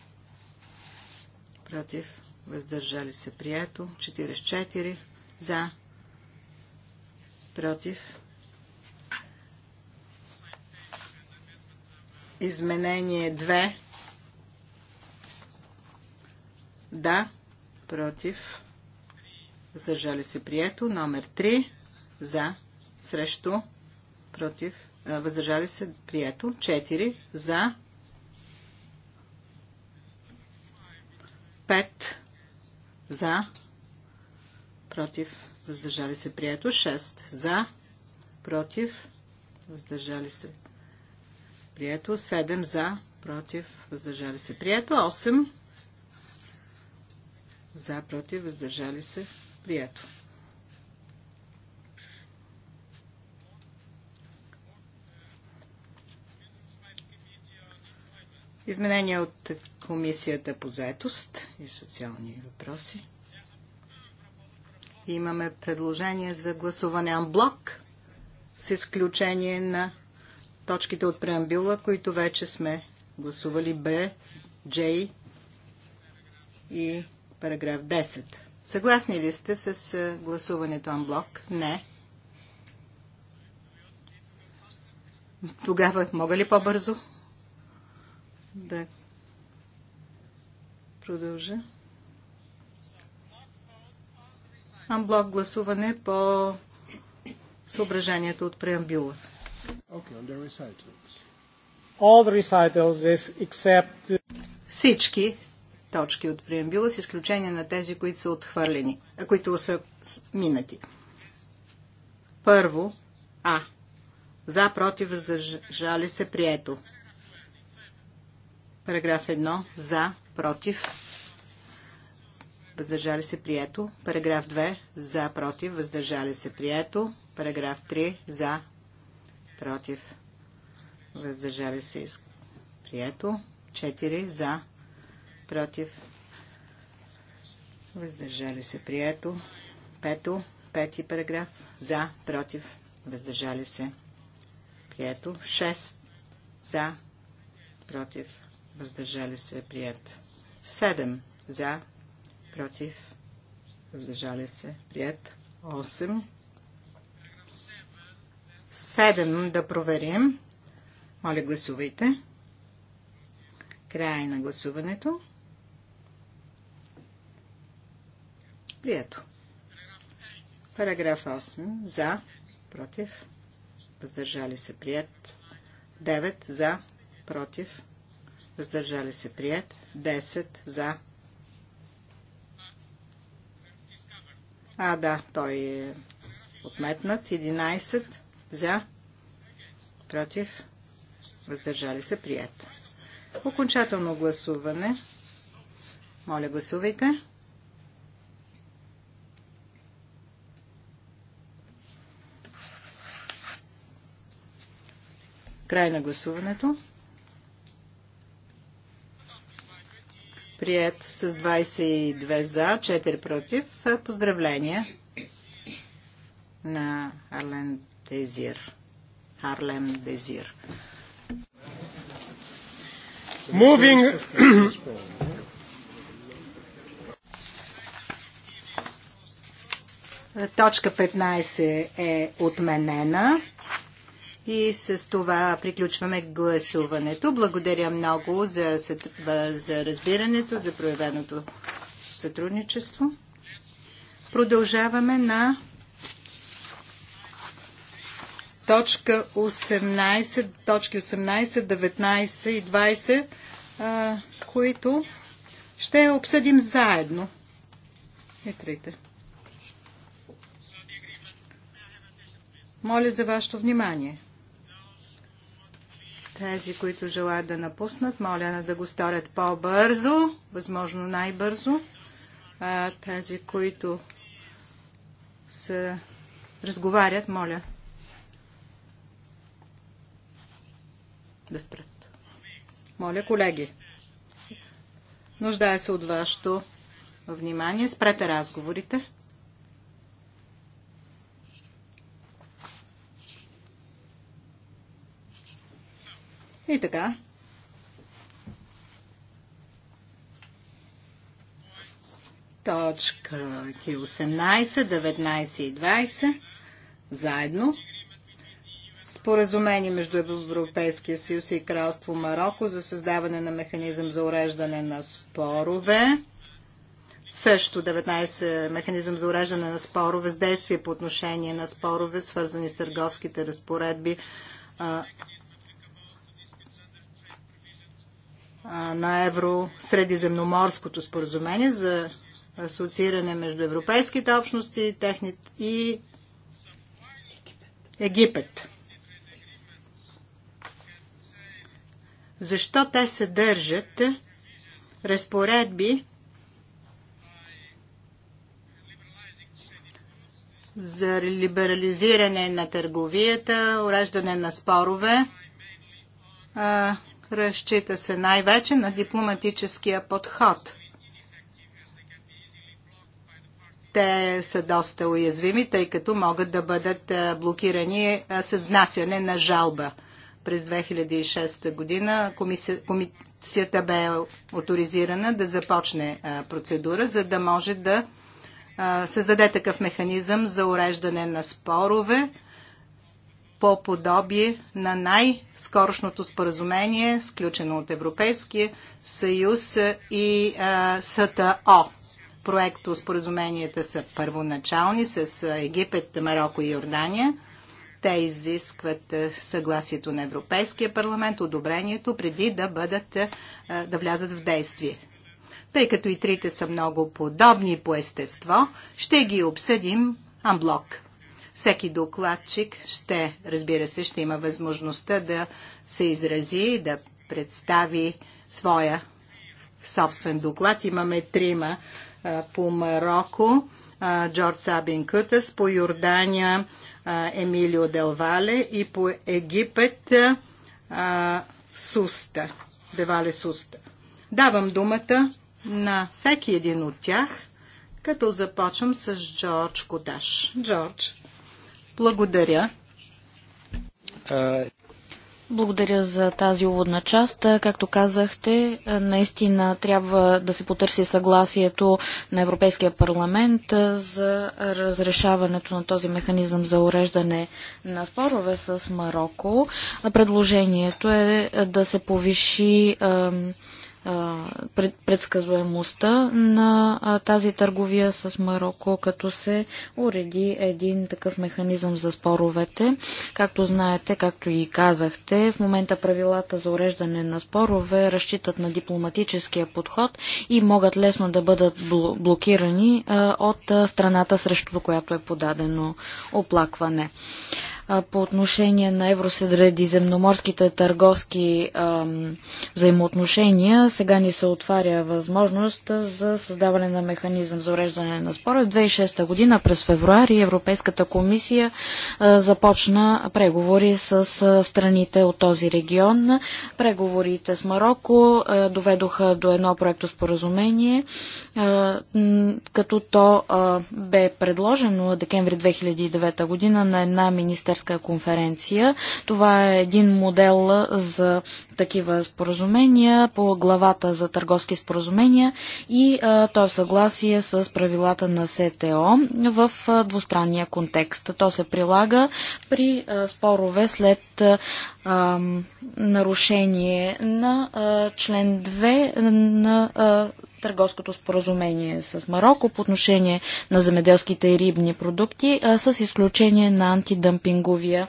против, въздържали се прието, 44 за, против, изменение 2 да, против, въздържали се прието. Номер 3 за, срещу, против, въздържали се прието. 4 за, 5 за, против, въздържали се прието. 6 за, против, въздържали се прието. 7 за, против, въздържали се прието. 8 за, против, въздържали се, прието. Изменения от Комисията по заетост и социални въпроси. Имаме предложение за гласуване анблок с изключение на точките от преамбюла, които вече сме гласували Б, Джей и Параграф 10. Съгласни ли сте с гласуването анблок? Не. Тогава мога ли по-бързо? Да. Продължа. Анблок гласуване по съображението от преамбюла. Okay, All the recitals except... Всички точки от преамбюла, с изключение на тези, които са отхвърлени, които са минати. Първо, А. За, против, въздържали се, прието. Параграф 1. За, против, въздържали се, прието. Параграф 2. За, против, въздържали се, прието. Параграф 3. За, против, въздържали се, прието. 4. За, против, въздържали се, прието. Пето, пети параграф, за, против, въздържали се, прието. 6 за, против, въздържали се, прият. 7 за, против, въздържали се, прият. 8. 7 да проверим. Моля, гласувайте. Край на гласуването. Прието. Параграф 8. За. Против. Въздържали се. Прият. 9. За. Против. Въздържали се. Прият. 10. За. А, да, той е отметнат. 11. За. Против. Въздържали се. Прият. Окончателно гласуване. Моля, гласувайте. Край на гласуването. Прият с 22 за, 4 против. Поздравления на Арлен Дезир. Арлен Дезир. Moving... Точка 15 е отменена. И с това приключваме гласуването. Благодаря много за, за разбирането, за проявеното сътрудничество. Продължаваме на точка 18, точки 18, 19 и 20, а, които ще обсъдим заедно. И трите. Моля за вашето внимание. Тези, които желаят да напуснат, моля да го сторят по-бързо, възможно най-бързо. Тези, които се разговарят, моля да спрат. Моля, колеги, нуждая се от вашето внимание. Спрете разговорите. И така. Точка 18, 19 и 20 заедно. Споразумение между Европейския съюз и Кралство Марокко за създаване на механизъм за уреждане на спорове. Също 19 механизъм за уреждане на спорове с действие по отношение на спорове, свързани с търговските разпоредби на Евросредиземноморското споразумение за асоцииране между европейските общности и Египет. Защо те съдържат разпоредби за либерализиране на търговията, уреждане на спорове, Разчита се най-вече на дипломатическия подход. Те са доста уязвими, тъй като могат да бъдат блокирани с внасяне на жалба. През 2006 година комисия, комисията бе авторизирана да започне процедура, за да може да създаде такъв механизъм за уреждане на спорове по подобие на най-скорошното споразумение, сключено от Европейския съюз и а, СТО. Проекто споразуменията са първоначални с Египет, Марокко и Йордания. Те изискват съгласието на Европейския парламент, одобрението преди да, бъдат, а, да влязат в действие. Тъй като и трите са много подобни по естество, ще ги обсъдим амблок. Всеки докладчик ще, разбира се, ще има възможността да се изрази, да представи своя собствен доклад. Имаме трима по Марокко, Джордж Сабин Кътас, по Йордания Емилио Делвале и по Египет Суста. Девале Суста. Давам думата на всеки един от тях, като започвам с Джордж Коташ. Джордж, благодаря. Благодаря за тази уводна част. Както казахте, наистина трябва да се потърси съгласието на Европейския парламент за разрешаването на този механизъм за уреждане на спорове с Марокко. Предложението е да се повиши предсказуемостта на тази търговия с Марокко, като се уреди един такъв механизъм за споровете. Както знаете, както и казахте, в момента правилата за уреждане на спорове разчитат на дипломатическия подход и могат лесно да бъдат блокирани от страната, срещу която е подадено оплакване по отношение на евросредиземноморските търговски взаимоотношения. Сега ни се отваря възможност за създаване на механизъм за уреждане на спора. В 2006 година през февруари Европейската комисия започна преговори с страните от този регион. Преговорите с Марокко доведоха до едно проекто споразумение, като то бе предложено декември 2009 година на една министерска министерска конференция. Това е един модел за такива споразумения по главата за търговски споразумения и а, то е в съгласие с правилата на СТО в а, двустранния контекст. То се прилага при а, спорове след а, нарушение на а, член 2 на а, търговското споразумение с Марокко по отношение на земеделските и рибни продукти, а, с изключение на антидъмпинговия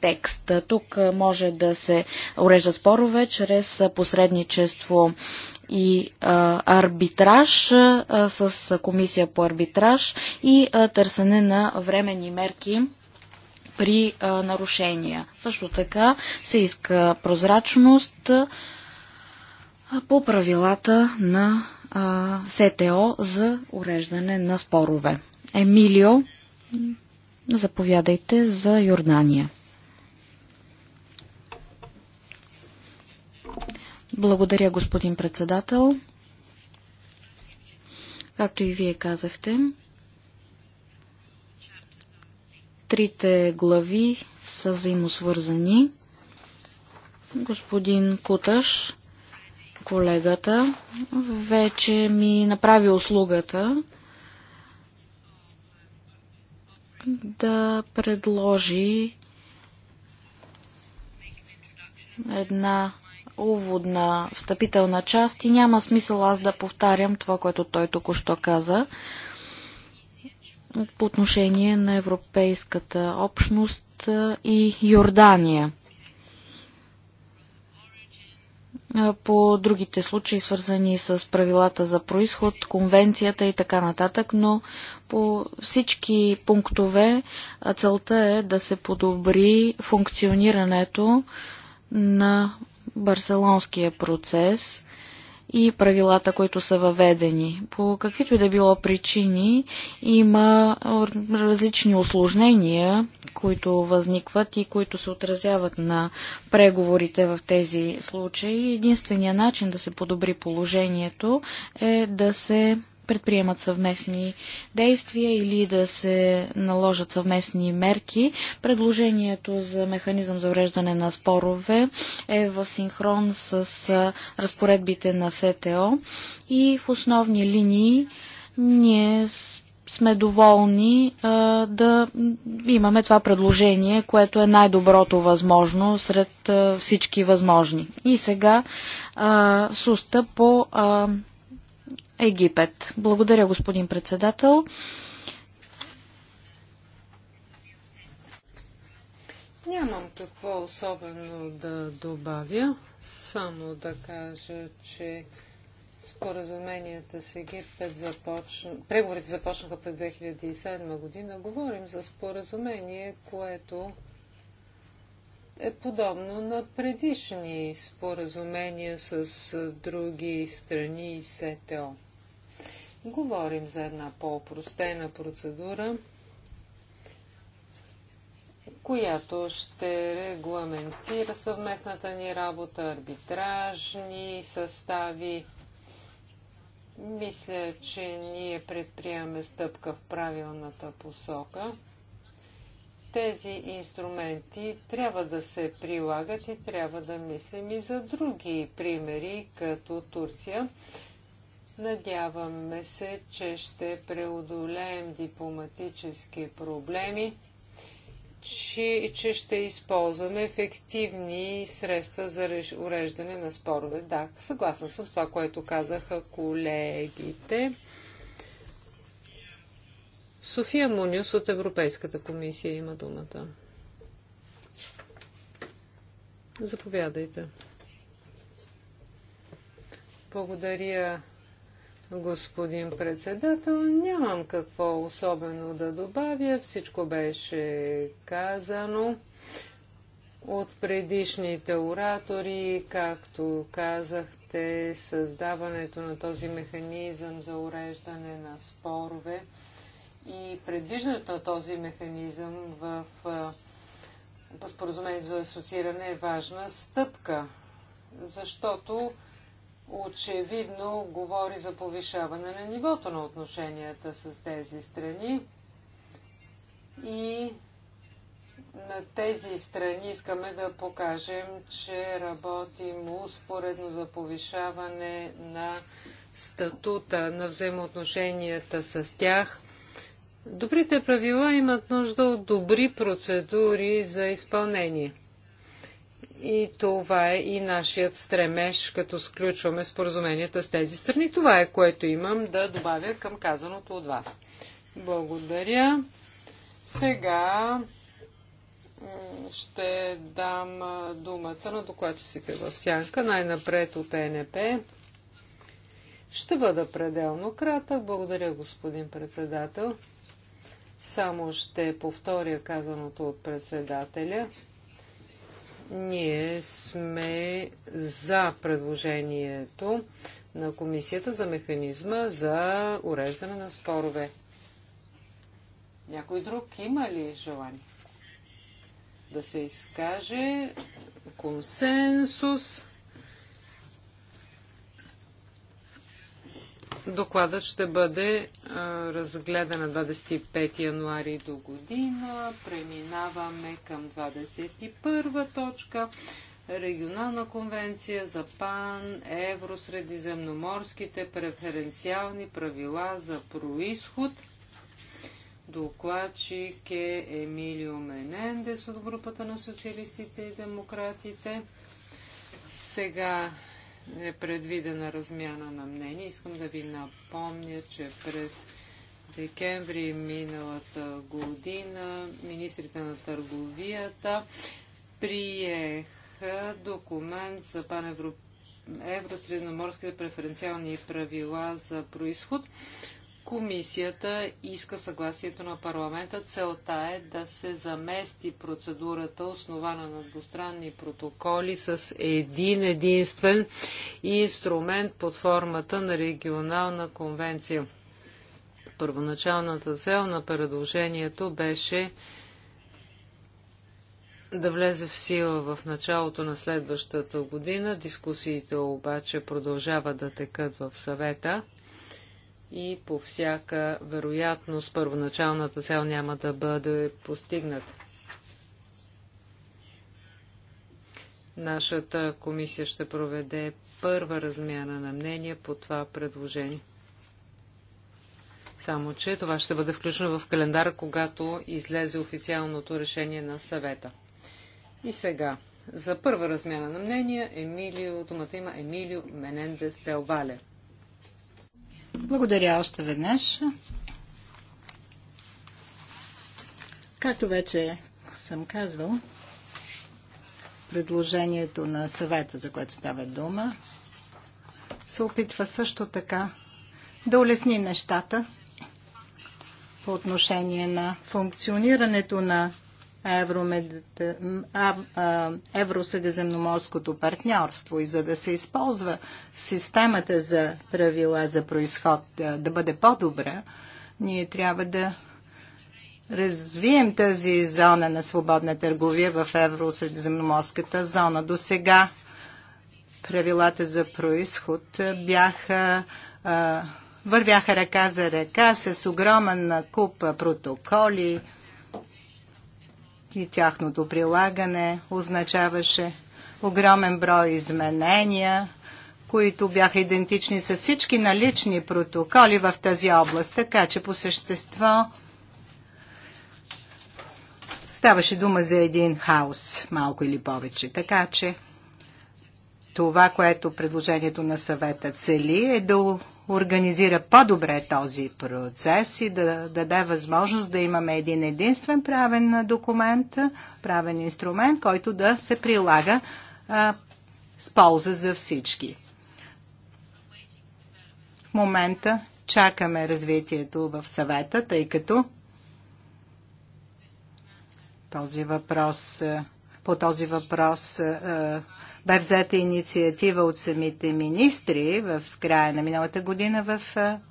текст. Тук може да се уреждат спорове чрез посредничество и а, арбитраж а, с комисия по арбитраж и а, търсене на временни мерки при а, нарушения. Също така се иска прозрачност по правилата на а, СТО за уреждане на спорове. Емилио, заповядайте за Йордания. Благодаря, господин председател. Както и вие казахте, трите глави са взаимосвързани. Господин Куташ колегата вече ми направи услугата да предложи една уводна встъпителна част и няма смисъл аз да повтарям това, което той току-що каза по отношение на Европейската общност и Йордания – по другите случаи, свързани с правилата за происход, конвенцията и така нататък, но по всички пунктове целта е да се подобри функционирането на барселонския процес и правилата, които са въведени. По каквито и да било причини има различни осложнения, които възникват и които се отразяват на преговорите в тези случаи. Единственият начин да се подобри положението е да се предприемат съвместни действия или да се наложат съвместни мерки. Предложението за механизъм за уреждане на спорове е в синхрон с разпоредбите на СТО и в основни линии ние сме доволни а, да имаме това предложение, което е най-доброто възможно сред а, всички възможни. И сега а, суста по а, Египет. Благодаря, господин председател. Нямам какво особено да добавя, само да кажа, че споразуменията с Египет започна... Преговорите започнаха през 2007 година. Говорим за споразумение, което е подобно на предишни споразумения с други страни и СТО. Говорим за една по-простена процедура, която ще регламентира съвместната ни работа, арбитражни състави. Мисля, че ние предприемаме стъпка в правилната посока. Тези инструменти трябва да се прилагат и трябва да мислим и за други примери, като Турция. Надяваме се, че ще преодолеем дипломатически проблеми че, че ще използваме ефективни средства за уреждане на спорове. Да, съгласна съм с това, което казаха колегите. София Муниус от Европейската комисия има думата. Заповядайте. Благодаря, господин председател. Нямам какво особено да добавя. Всичко беше казано от предишните оратори, както казахте, създаването на този механизъм за уреждане на спорове и предвиждането на този механизъм в споразумението за асоцииране е важна стъпка, защото очевидно говори за повишаване на нивото на отношенията с тези страни и на тези страни искаме да покажем, че работим успоредно за повишаване на статута на взаимоотношенията с тях. Добрите правила имат нужда от добри процедури за изпълнение – и това е и нашият стремеж, като сключваме споразуменията с тези страни. Това е което имам да добавя към казаното от вас. Благодаря. Сега ще дам думата на докладчиците в сянка, най-напред от ЕНП. Ще бъда пределно кратък. Благодаря, господин председател. Само ще повторя казаното от председателя. Ние сме за предложението на Комисията за механизма за уреждане на спорове. Някой друг има ли желание да се изкаже консенсус? Докладът ще бъде а, разгледан на 25 януари до година. Преминаваме към 21 точка. Регионална конвенция за пан евросредиземноморските преференциални правила за происход. Докладчик е Емилио Менендес от групата на социалистите и демократите. Сега непредвидена размяна на мнение. Искам да ви напомня, че през декември миналата година министрите на търговията приеха документ за паневропейските евросредноморските преференциални правила за происход, Комисията иска съгласието на парламента. Целта е да се замести процедурата, основана на двустранни протоколи, с един единствен инструмент под формата на регионална конвенция. Първоначалната цел на предложението беше да влезе в сила в началото на следващата година. Дискусиите обаче продължават да текат в съвета и по всяка вероятност първоначалната цел няма да бъде постигната. Нашата комисия ще проведе първа размяна на мнения по това предложение. Само, че това ще бъде включено в календара, когато излезе официалното решение на съвета. И сега, за първа размяна на мнения, Емилио, думата има Емилио Менендес Телвале. Благодаря още веднъж. Както вече съм казвал, предложението на съвета, за което става дума, се опитва също така да улесни нещата по отношение на функционирането на Евромед... партньорство и за да се използва системата за правила за происход да, бъде по-добра, ние трябва да развием тази зона на свободна търговия в Евросредиземноморската зона. До сега правилата за происход бяха вървяха ръка за ръка с огромна купа протоколи, и тяхното прилагане означаваше огромен брой изменения, които бяха идентични с всички налични протоколи в тази област, така че по същество ставаше дума за един хаос, малко или повече. Така че това, което предложението на съвета цели е да организира по-добре този процес и да даде възможност да имаме един единствен правен документ, правен инструмент, който да се прилага а, с полза за всички. В момента чакаме развитието в съвета, тъй като този въпрос, по този въпрос бе взета инициатива от самите министри в края на миналата година в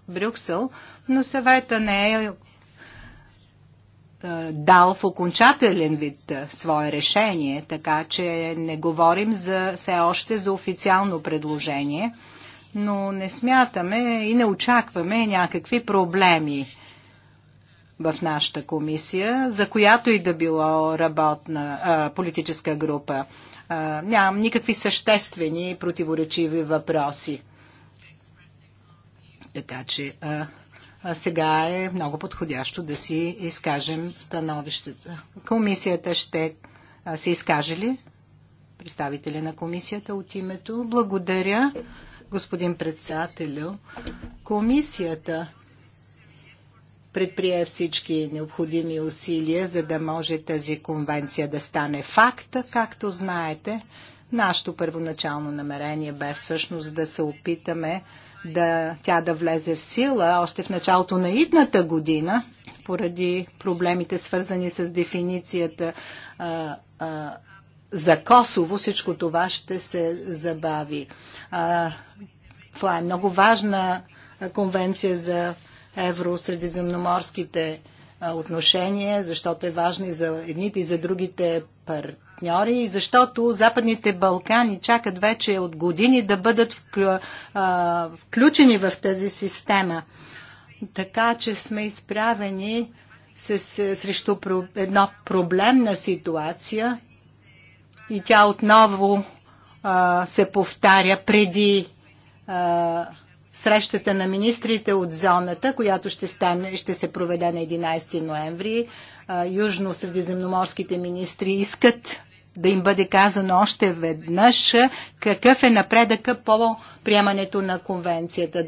Брюксел, но съвета не е дал в окончателен вид свое решение, така че не говорим за, все още за официално предложение, но не смятаме и не очакваме някакви проблеми в нашата комисия, за която и да било работна а, политическа група нямам никакви съществени противоречиви въпроси. Така че а, а сега е много подходящо да си изкажем становищата. Комисията ще а, се изкаже ли? Представители на комисията от името. Благодаря, господин председателю. Комисията предприе всички необходими усилия, за да може тази конвенция да стане факт. Както знаете, нашето първоначално намерение бе всъщност да се опитаме да, тя да влезе в сила още в началото на идната година, поради проблемите свързани с дефиницията а, а, за Косово, всичко това ще се забави. А, това е много важна конвенция за евросредиземноморските отношения, защото е важно и за едните и за другите партньори и защото Западните Балкани чакат вече от години да бъдат включени в тази система. Така че сме изправени с, срещу про, една проблемна ситуация и тя отново а, се повтаря преди а, срещата на министрите от зоната, която ще, стане, ще се проведе на 11 ноември. Южно-средиземноморските министри искат да им бъде казано още веднъж какъв е напредъка по приемането на конвенцията.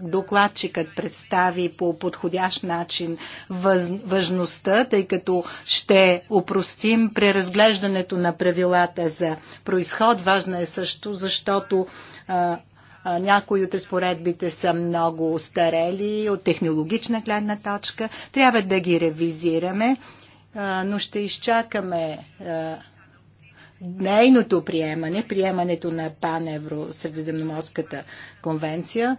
Докладчикът представи по подходящ начин важността, тъй като ще упростим преразглеждането на правилата за происход. Важно е също, защото някои от разпоредбите са много устарели, от технологична гледна точка. Трябва да ги ревизираме, но ще изчакаме нейното приемане, приемането на Паневро-Средиземноморската конвенция.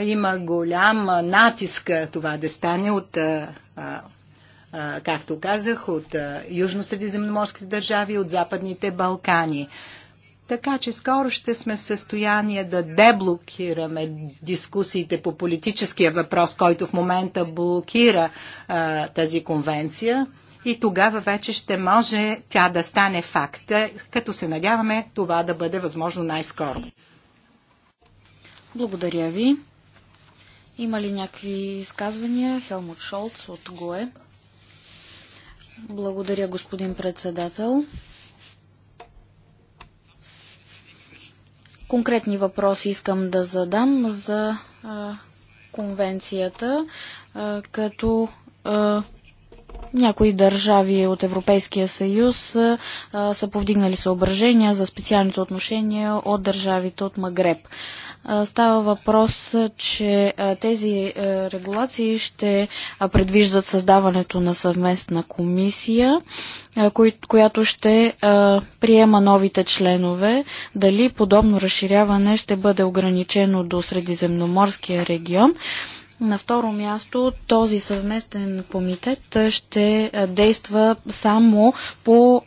Има голям натиск това да стане от както казах, от южно-средиземноморските държави, от Западните Балкани. Така че скоро ще сме в състояние да деблокираме дискусиите по политическия въпрос, който в момента блокира а, тази конвенция и тогава вече ще може тя да стане факт, е, като се надяваме това да бъде възможно най-скоро. Благодаря ви. Има ли някакви изказвания? Хелмут Шолц от ГОЕ. Благодаря, господин председател. Конкретни въпроси искам да задам за а, конвенцията, а, като а, някои държави от Европейския съюз а, са повдигнали съображения за специалните отношения от държавите от Магреб. Става въпрос, че тези регулации ще предвиждат създаването на съвместна комисия, която ще приема новите членове. Дали подобно разширяване ще бъде ограничено до Средиземноморския регион? На второ място, този съвместен комитет ще действа само по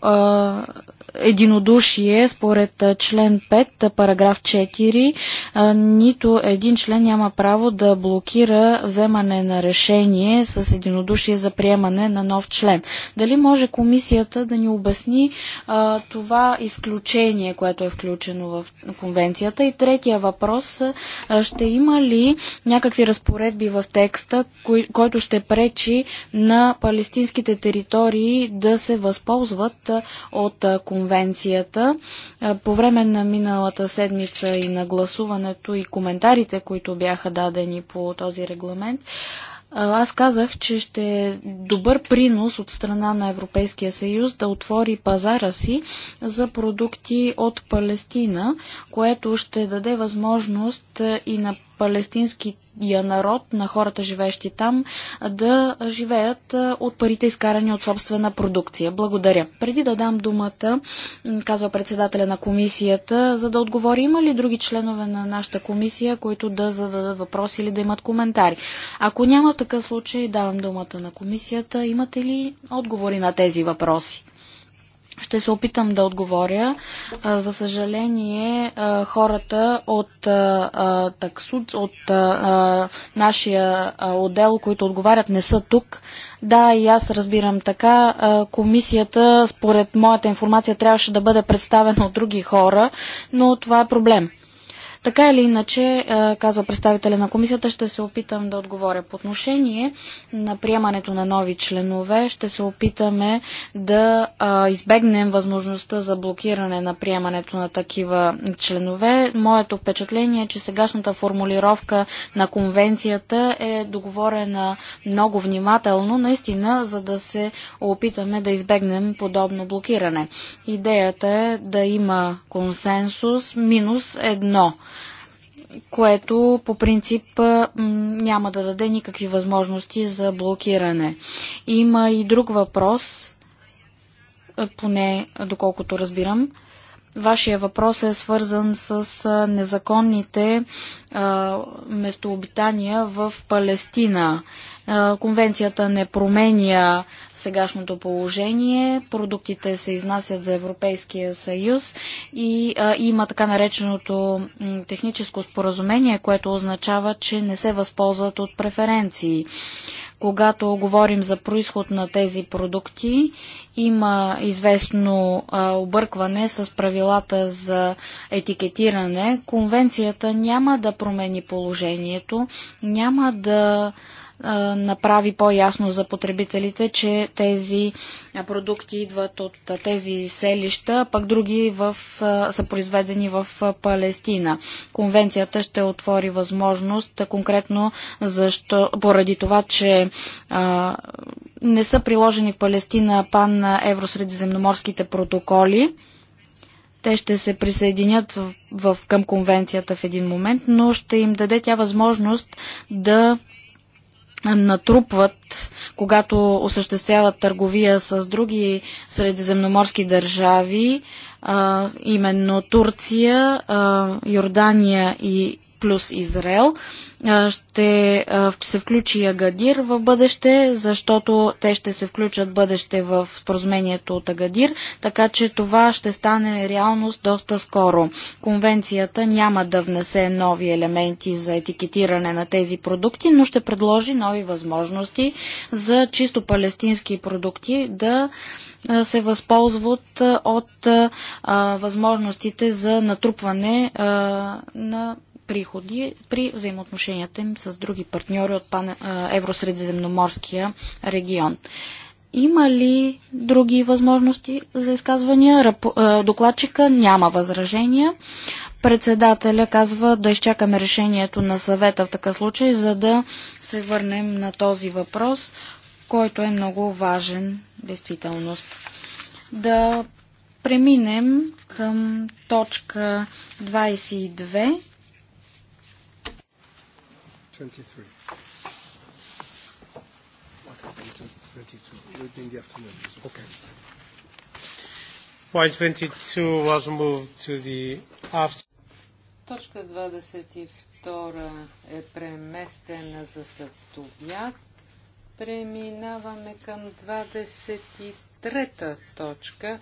единодушие според член 5, параграф 4. Нито един член няма право да блокира вземане на решение с единодушие за приемане на нов член. Дали може комисията да ни обясни а, това изключение, което е включено в конвенцията? И третия въпрос, а, ще има ли някакви разпоредби в текста, кой, който ще пречи на палестинските територии да се възползват от конвенцията? конвенцията. По време на миналата седмица и на гласуването и коментарите, които бяха дадени по този регламент, аз казах, че ще е добър принос от страна на Европейския съюз да отвори пазара си за продукти от Палестина, което ще даде възможност и на палестински самия народ, на хората живеещи там, да живеят от парите изкарани от собствена продукция. Благодаря. Преди да дам думата, казва председателя на комисията, за да отговори има ли други членове на нашата комисия, които да зададат въпроси или да имат коментари. Ако няма такъв случай, давам думата на комисията. Имате ли отговори на тези въпроси? Ще се опитам да отговоря. За съжаление, хората от таксуд, от нашия отдел, които отговарят, не са тук. Да, и аз разбирам така. Комисията, според моята информация, трябваше да бъде представена от други хора, но това е проблем. Така или иначе, е, казва представителя на комисията, ще се опитам да отговоря по отношение на приемането на нови членове. Ще се опитаме да избегнем възможността за блокиране на приемането на такива членове. Моето впечатление е, че сегашната формулировка на конвенцията е договорена много внимателно, наистина, за да се опитаме да избегнем подобно блокиране. Идеята е да има консенсус минус едно – което по принцип няма да даде никакви възможности за блокиране. Има и друг въпрос, поне доколкото разбирам. Вашия въпрос е свързан с незаконните местообитания в Палестина. Конвенцията не променя сегашното положение. Продуктите се изнасят за Европейския съюз и има така нареченото техническо споразумение, което означава, че не се възползват от преференции когато говорим за происход на тези продукти, има известно а, объркване с правилата за етикетиране. Конвенцията няма да промени положението, няма да направи по-ясно за потребителите, че тези продукти идват от тези селища, пък други в, са произведени в Палестина. Конвенцията ще отвори възможност конкретно защо, поради това, че а, не са приложени в Палестина пан на евросредиземноморските протоколи. Те ще се присъединят в, в, към конвенцията в един момент, но ще им даде тя възможност да натрупват, когато осъществяват търговия с други средиземноморски държави, а, именно Турция, а, Йордания и плюс Израел. Ще се включи Агадир в бъдеще, защото те ще се включат бъдеще в споразумението от Агадир, така че това ще стане реалност доста скоро. Конвенцията няма да внесе нови елементи за етикетиране на тези продукти, но ще предложи нови възможности за чисто палестински продукти да се възползват от а, възможностите за натрупване а, на приходи при взаимоотношенията им с други партньори от пан, Евросредиземноморския регион. Има ли други възможности за изказвания? докладчика няма възражения. Председателя казва да изчакаме решението на съвета в такъв случай, за да се върнем на този въпрос, който е много важен действителност. Да преминем към точка 22 23. What happened to 22? It would be in the afternoon. Okay. Point 22 was moved to the after. Точка 22 е преместена за след обяд. Преминаваме към 23 точка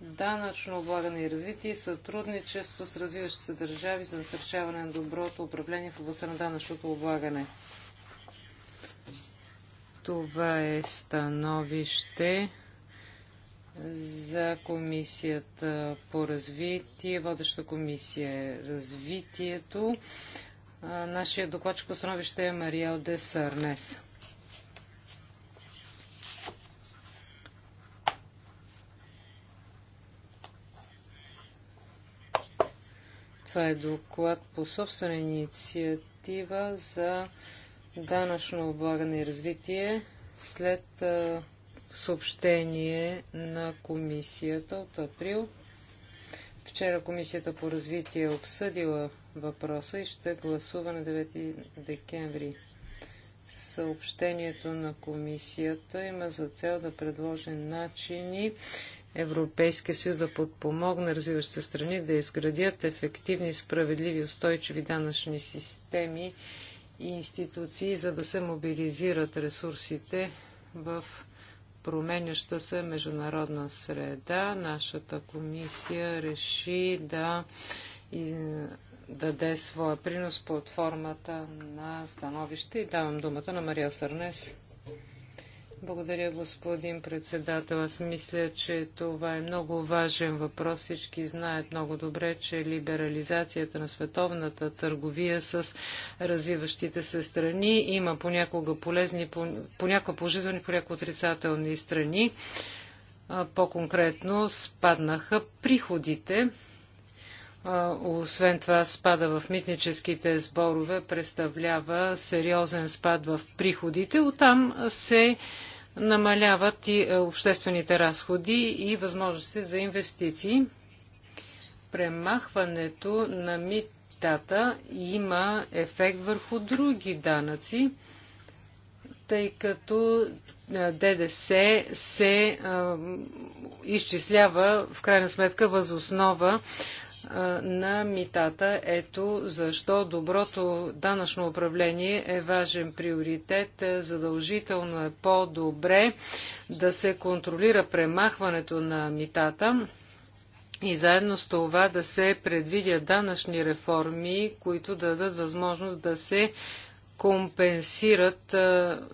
данъчно облагане и развитие и сътрудничество с развиващи се държави за насърчаване на доброто управление в областта на данъчното облагане. Това е становище за комисията по развитие. Водеща комисия е развитието. нашия докладчик по становище е Мариел Десарнес. Това е доклад по собствена инициатива за данъчно облагане и развитие след съобщение на комисията от април. Вчера комисията по развитие е обсъдила въпроса и ще гласува на 9 декември. Съобщението на комисията има за цел да предложи начини Европейския съюз да подпомогне развиващите страни да изградят ефективни, справедливи, устойчиви данъчни системи и институции, за да се мобилизират ресурсите в променяща се международна среда. Нашата комисия реши да даде своя принос под формата на становище и давам думата на Мария Сърнес. Благодаря, господин председател. Аз мисля, че това е много важен въпрос. Всички знаят много добре, че либерализацията на световната търговия с развиващите се страни има понякога полезни, понякога положителни, понякога отрицателни страни. По-конкретно спаднаха приходите освен това спада в митническите сборове, представлява сериозен спад в приходите. Оттам се намаляват и е, обществените разходи и възможности за инвестиции. Премахването на митата има ефект върху други данъци, тъй като е, ДДС се е, изчислява в крайна сметка възоснова на митата. Ето защо доброто данъчно управление е важен приоритет. Задължително е по-добре да се контролира премахването на митата и заедно с това да се предвидят данъчни реформи, които да дадат възможност да се компенсират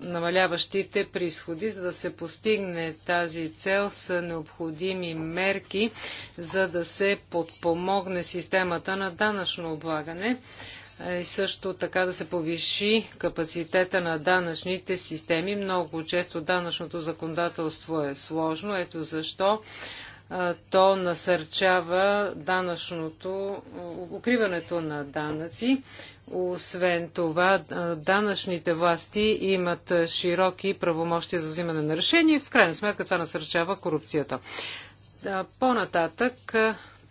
намаляващите присходи. За да се постигне тази цел са необходими мерки, за да се подпомогне системата на данъчно облагане и също така да се повиши капацитета на данъчните системи. Много често данъчното законодателство е сложно. Ето защо то насърчава данъчното, укриването на данъци. Освен това, данъчните власти имат широки правомощия за взимане на решения. В крайна сметка това насърчава корупцията. По-нататък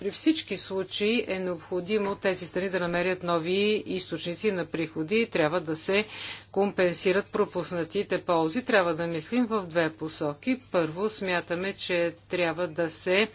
при всички случаи е необходимо тези страни да намерят нови източници на приходи и трябва да се компенсират пропуснатите ползи. Трябва да мислим в две посоки. Първо, смятаме, че трябва да се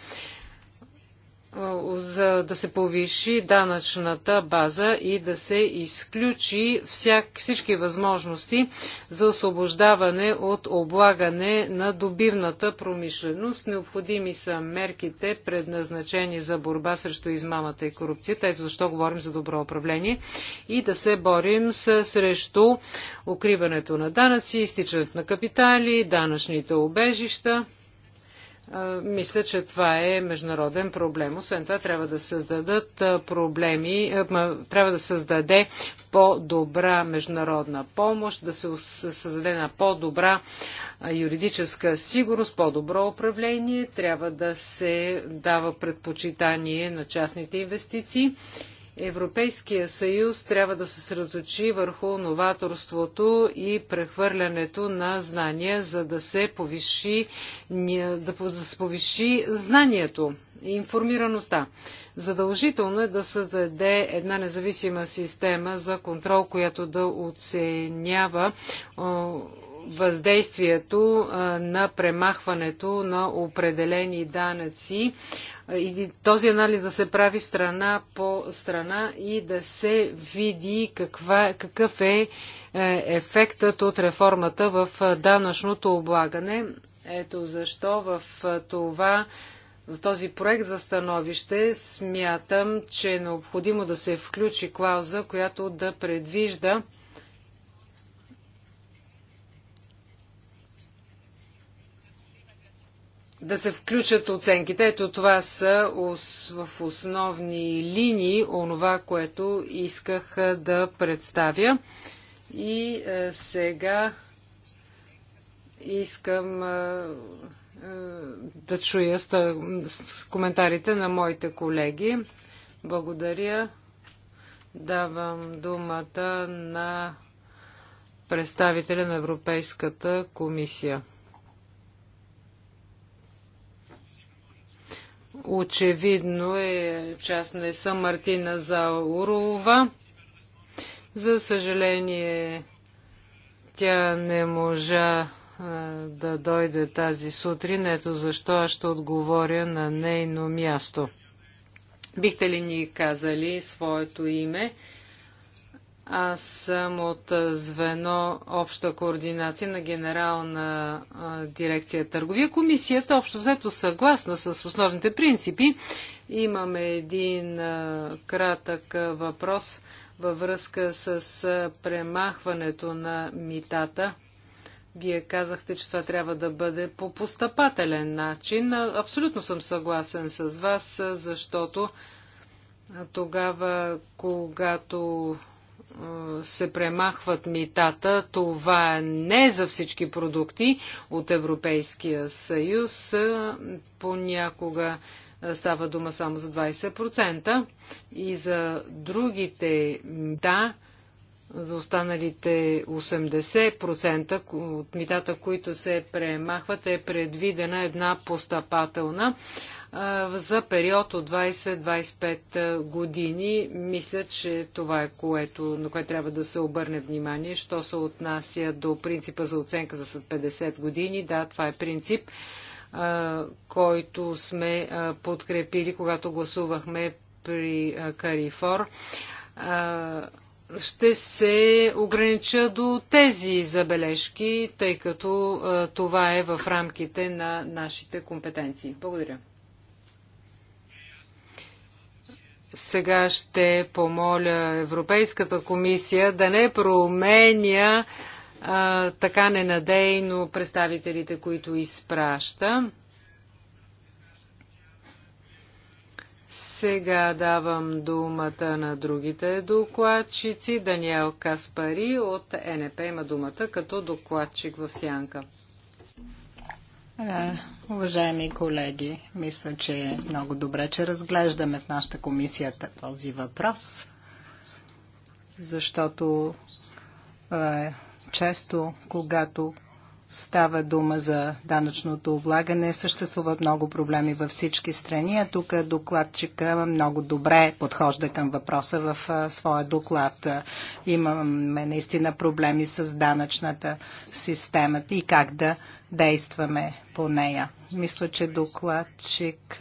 за да се повиши данъчната база и да се изключи всяк, всички възможности за освобождаване от облагане на добивната промишленост. Необходими са мерките, предназначени за борба срещу измамата и корупцията. Ето защо говорим за добро управление и да се борим с, срещу укриването на данъци, изтичането на капитали, данъчните обежища мисля, че това е международен проблем. Освен това, трябва да създадат проблеми, трябва да създаде по-добра международна помощ, да се създаде на по-добра юридическа сигурност, по-добро управление, трябва да се дава предпочитание на частните инвестиции Европейския съюз трябва да се средоточи върху новаторството и прехвърлянето на знания, за да се повиши, да се повиши знанието и информираността. Задължително е да създаде една независима система за контрол, която да оценява въздействието на премахването на определени данъци и този анализ да се прави страна по страна и да се види каква, какъв е, е ефектът от реформата в е, данъчното облагане. Ето защо в е, това в този проект за становище смятам, че е необходимо да се включи клауза, която да предвижда да се включат оценките. Ето това са в основни линии онова, което исках да представя. И сега искам да чуя коментарите на моите колеги. Благодаря. Давам думата на представителя на Европейската комисия. Очевидно е, че аз не съм Мартина Заурова. За съжаление, тя не можа да дойде тази сутрин. Ето защо аз ще отговоря на нейно място. Бихте ли ни казали своето име аз съм от звено обща координация на генерална дирекция търговия. Комисията общо взето съгласна с основните принципи. Имаме един кратък въпрос във връзка с премахването на митата. Вие казахте, че това трябва да бъде по постъпателен начин. Абсолютно съм съгласен с вас, защото тогава, когато се премахват митата. Това не е за всички продукти от Европейския съюз. Понякога става дума само за 20%. И за другите мита, за останалите 80% от митата, които се премахват, е предвидена една постъпателна за период от 20-25 години. Мисля, че това е което, на което трябва да се обърне внимание. Що се отнася до принципа за оценка за след 50 години, да, това е принцип, който сме подкрепили, когато гласувахме при Карифор. Ще се огранича до тези забележки, тъй като това е в рамките на нашите компетенции. Благодаря. Сега ще помоля Европейската комисия да не променя а, така ненадейно представителите, които изпраща. Сега давам думата на другите докладчици. Даниел Каспари от НП има думата като докладчик в Сянка. Е, Уважаеми колеги, мисля, че е много добре, че разглеждаме в нашата комисия този въпрос, защото е, често, когато става дума за данъчното облагане, съществуват много проблеми във всички страни, а тук докладчика много добре подхожда към въпроса в е, своя доклад. Имаме наистина проблеми с данъчната система и как да действаме по нея. Мисля, че докладчик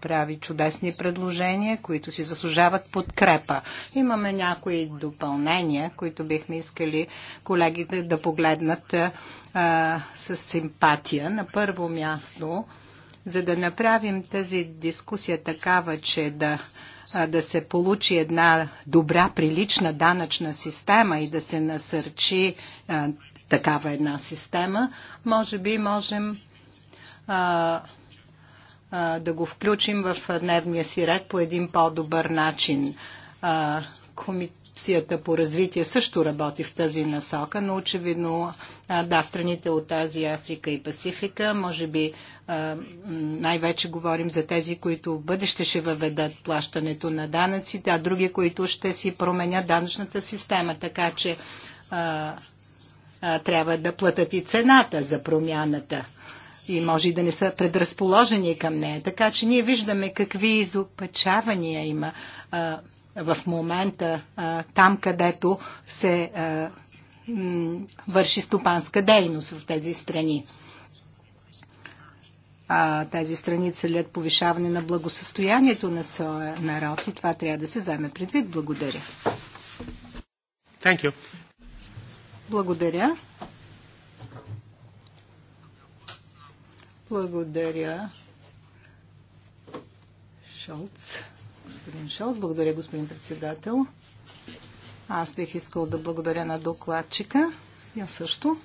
прави чудесни предложения, които си заслужават подкрепа. Имаме някои допълнения, които бихме искали колегите да погледнат а, с симпатия. На първо място, за да направим тази дискусия такава, че да да се получи една добра, прилична данъчна система и да се насърчи а, такава една система, може би можем а, а, да го включим в дневния си ред по един по-добър начин. А, Комисията по развитие също работи в тази насока, но очевидно, а, да, страните от Азия, Африка и Пасифика, може би най-вече говорим за тези, които в бъдеще ще въведат плащането на данъци, а други, които ще си променят данъчната система. Така че а, а, трябва да платят и цената за промяната и може и да не са предразположени към нея. Така че ние виждаме какви изопачавания има а, в момента а, там, където се а, м, върши стопанска дейност в тези страни. А, тези страни целят повишаване на благосъстоянието на своя народ и това трябва да се вземе предвид. Благодаря. Thank you. Благодаря. Благодаря. Шолц. Господин Шолц, благодаря, господин председател. Аз бих искал да благодаря на докладчика. Я също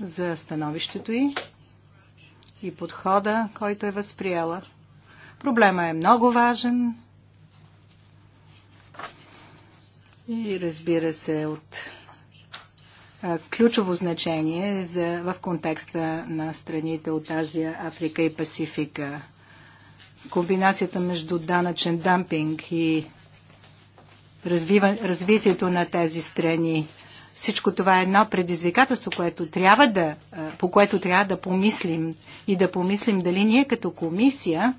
за становището й и подхода, който е възприела. Проблема е много важен и разбира се от ключово значение за, в контекста на страните от Азия, Африка и Пасифика. Комбинацията между данъчен дампинг и развива, развитието на тези страни. Всичко това е едно предизвикателство, което трябва да, по което трябва да помислим и да помислим дали ние като комисия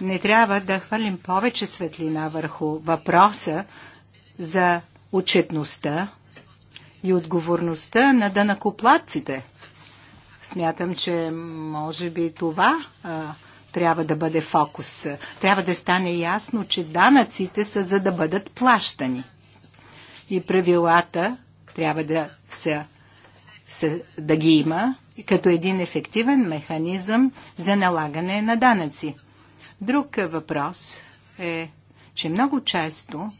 не трябва да хвърлим повече светлина върху въпроса за отчетността и отговорността на данакоплатците. Смятам, че може би това а, трябва да бъде фокус. Трябва да стане ясно, че данъците са за да бъдат плащани. И правилата трябва да, са, са, да ги има като един ефективен механизъм за налагане на данъци. Друг въпрос е, че много често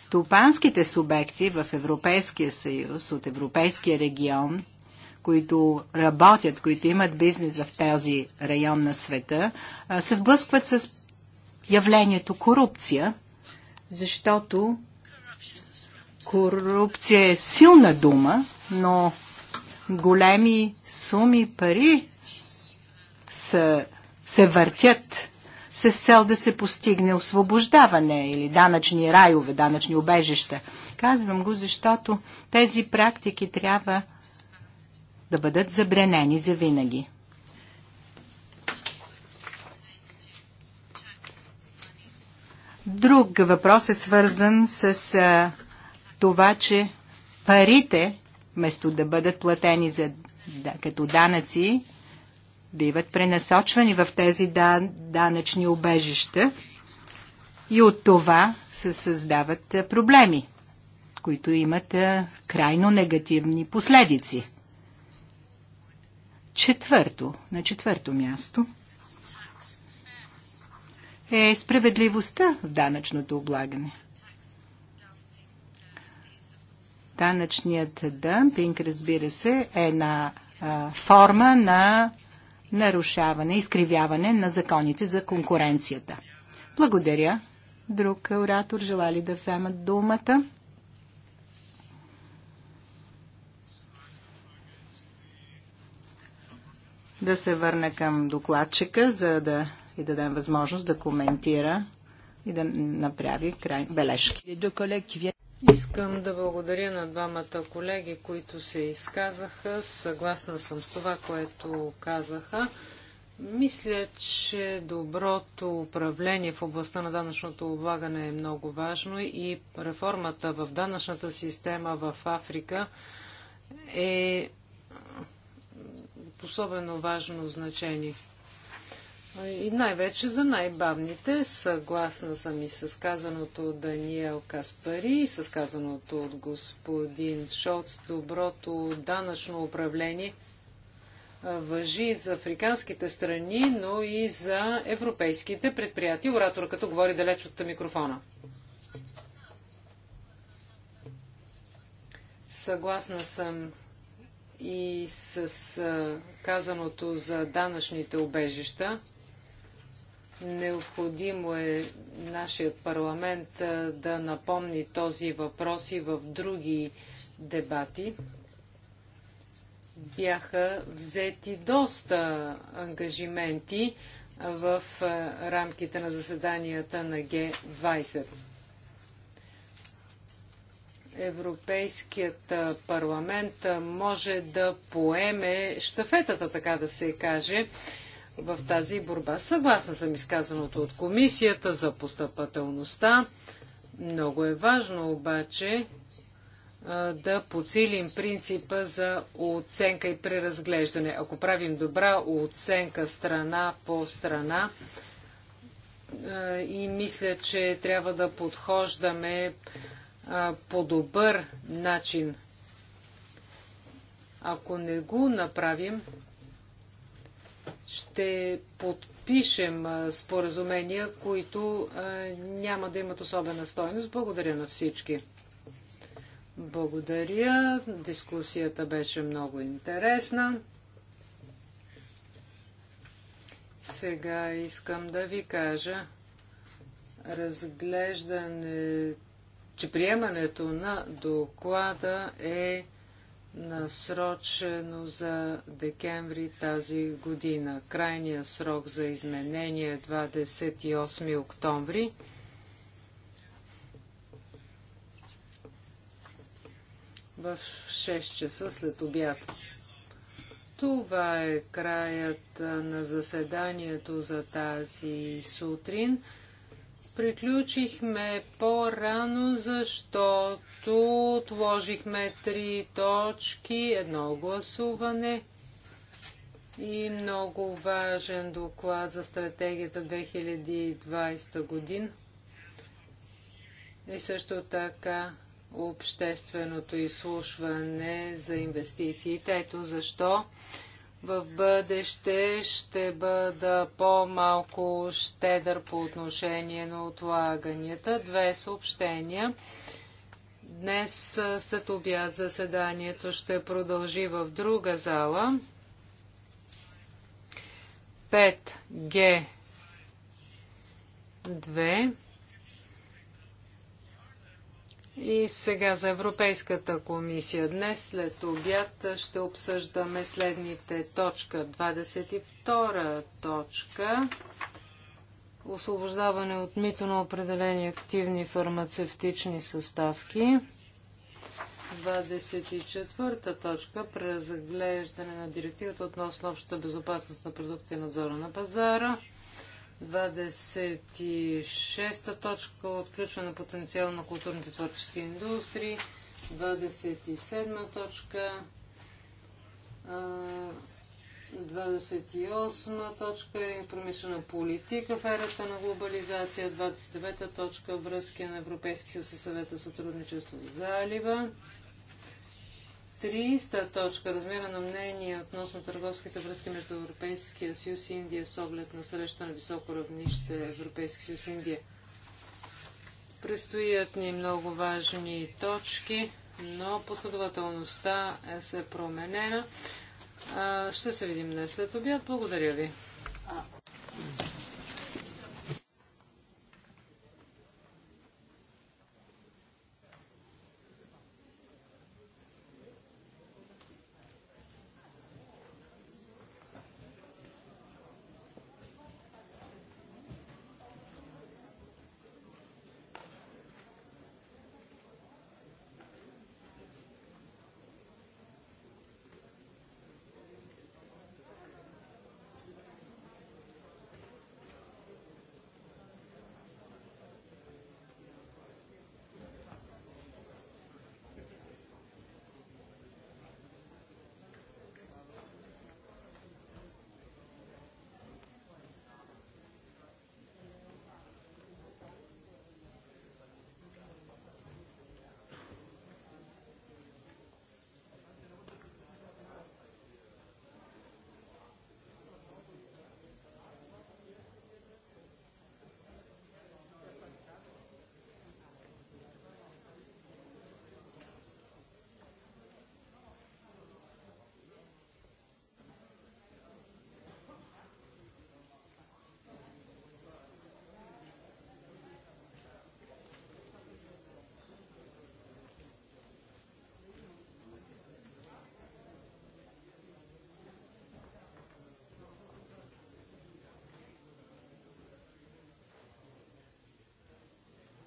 стопанските субекти в Европейския съюз, от Европейския регион, които работят, които имат бизнес в този район на света, се сблъскват с явлението корупция, защото корупция е силна дума, но големи суми пари са, се въртят с цел да се постигне освобождаване или данъчни райове, данъчни обежища. Казвам го, защото тези практики трябва да бъдат забранени за винаги. Друг въпрос е свързан с а, това, че парите, вместо да бъдат платени за, да, като данъци, биват пренасочвани в тези данъчни обежища и от това се създават проблеми, които имат крайно негативни последици. Четвърто, на четвърто място е справедливостта в данъчното облагане. Данъчният дъмпинг, разбира се, е една форма на нарушаване, изкривяване на законите за конкуренцията. Благодаря. Друг оратор желали да вземат думата? Да се върна към докладчика, за да и да дадем възможност да коментира и да направи край бележки. Искам да благодаря на двамата колеги, които се изказаха. Съгласна съм с това, което казаха. Мисля, че доброто управление в областта на данъчното облагане е много важно и реформата в данъчната система в Африка е особено важно значение и най-вече за най-бавните. Съгласна съм и с казаното от Даниел Каспари и с казаното от господин Шоц. Доброто данъчно управление въжи за африканските страни, но и за европейските предприятия. Оратор като говори далеч от микрофона. Съгласна съм и с казаното за данъчните обежища. Необходимо е нашият парламент да напомни този въпрос и в други дебати. Бяха взети доста ангажименти в рамките на заседанията на Г-20. Европейският парламент може да поеме щафетата, така да се каже, в тази борба. Съгласна съм изказаното от комисията за постъпателността. Много е важно обаче да подсилим принципа за оценка и преразглеждане. Ако правим добра оценка страна по страна, и мисля, че трябва да подхождаме по добър начин. Ако не го направим, ще подпишем споразумения, които няма да имат особена стойност. Благодаря на всички. Благодаря. Дискусията беше много интересна. Сега искам да ви кажа разглеждане, че приемането на доклада е насрочено за декември тази година. Крайният срок за изменение е 28 октомври. в 6 часа след обяд. Това е краят на заседанието за тази сутрин приключихме по-рано, защото отложихме три точки, едно гласуване и много важен доклад за стратегията 2020 година. И също така общественото изслушване за инвестициите. Ето защо в бъдеще ще бъда по-малко щедър по отношение на отлаганията. Две съобщения. Днес след обяд заседанието ще продължи в друга зала. 5G 2 и сега за Европейската комисия. Днес след обяд ще обсъждаме следните точка. 22 точка. Освобождаване от мито на определени активни фармацевтични съставки. 24-та точка преразглеждане на директивата относно общата безопасност на продукти и надзора на пазара. 26-та точка отключване на потенциал на културните творчески индустрии. 27-ма точка. 28-ма точка е промишлена политика в ерата на глобализация. 29-та точка връзки на Европейския със съвета сътрудничество в залива. Триста точка размера на мнение относно търговските връзки между Европейския съюз и Индия с оглед на среща на високо равнище Европейски съюз и Индия. Предстоят ни много важни точки, но последователността е се променена. Ще се видим днес след обяд. Благодаря ви.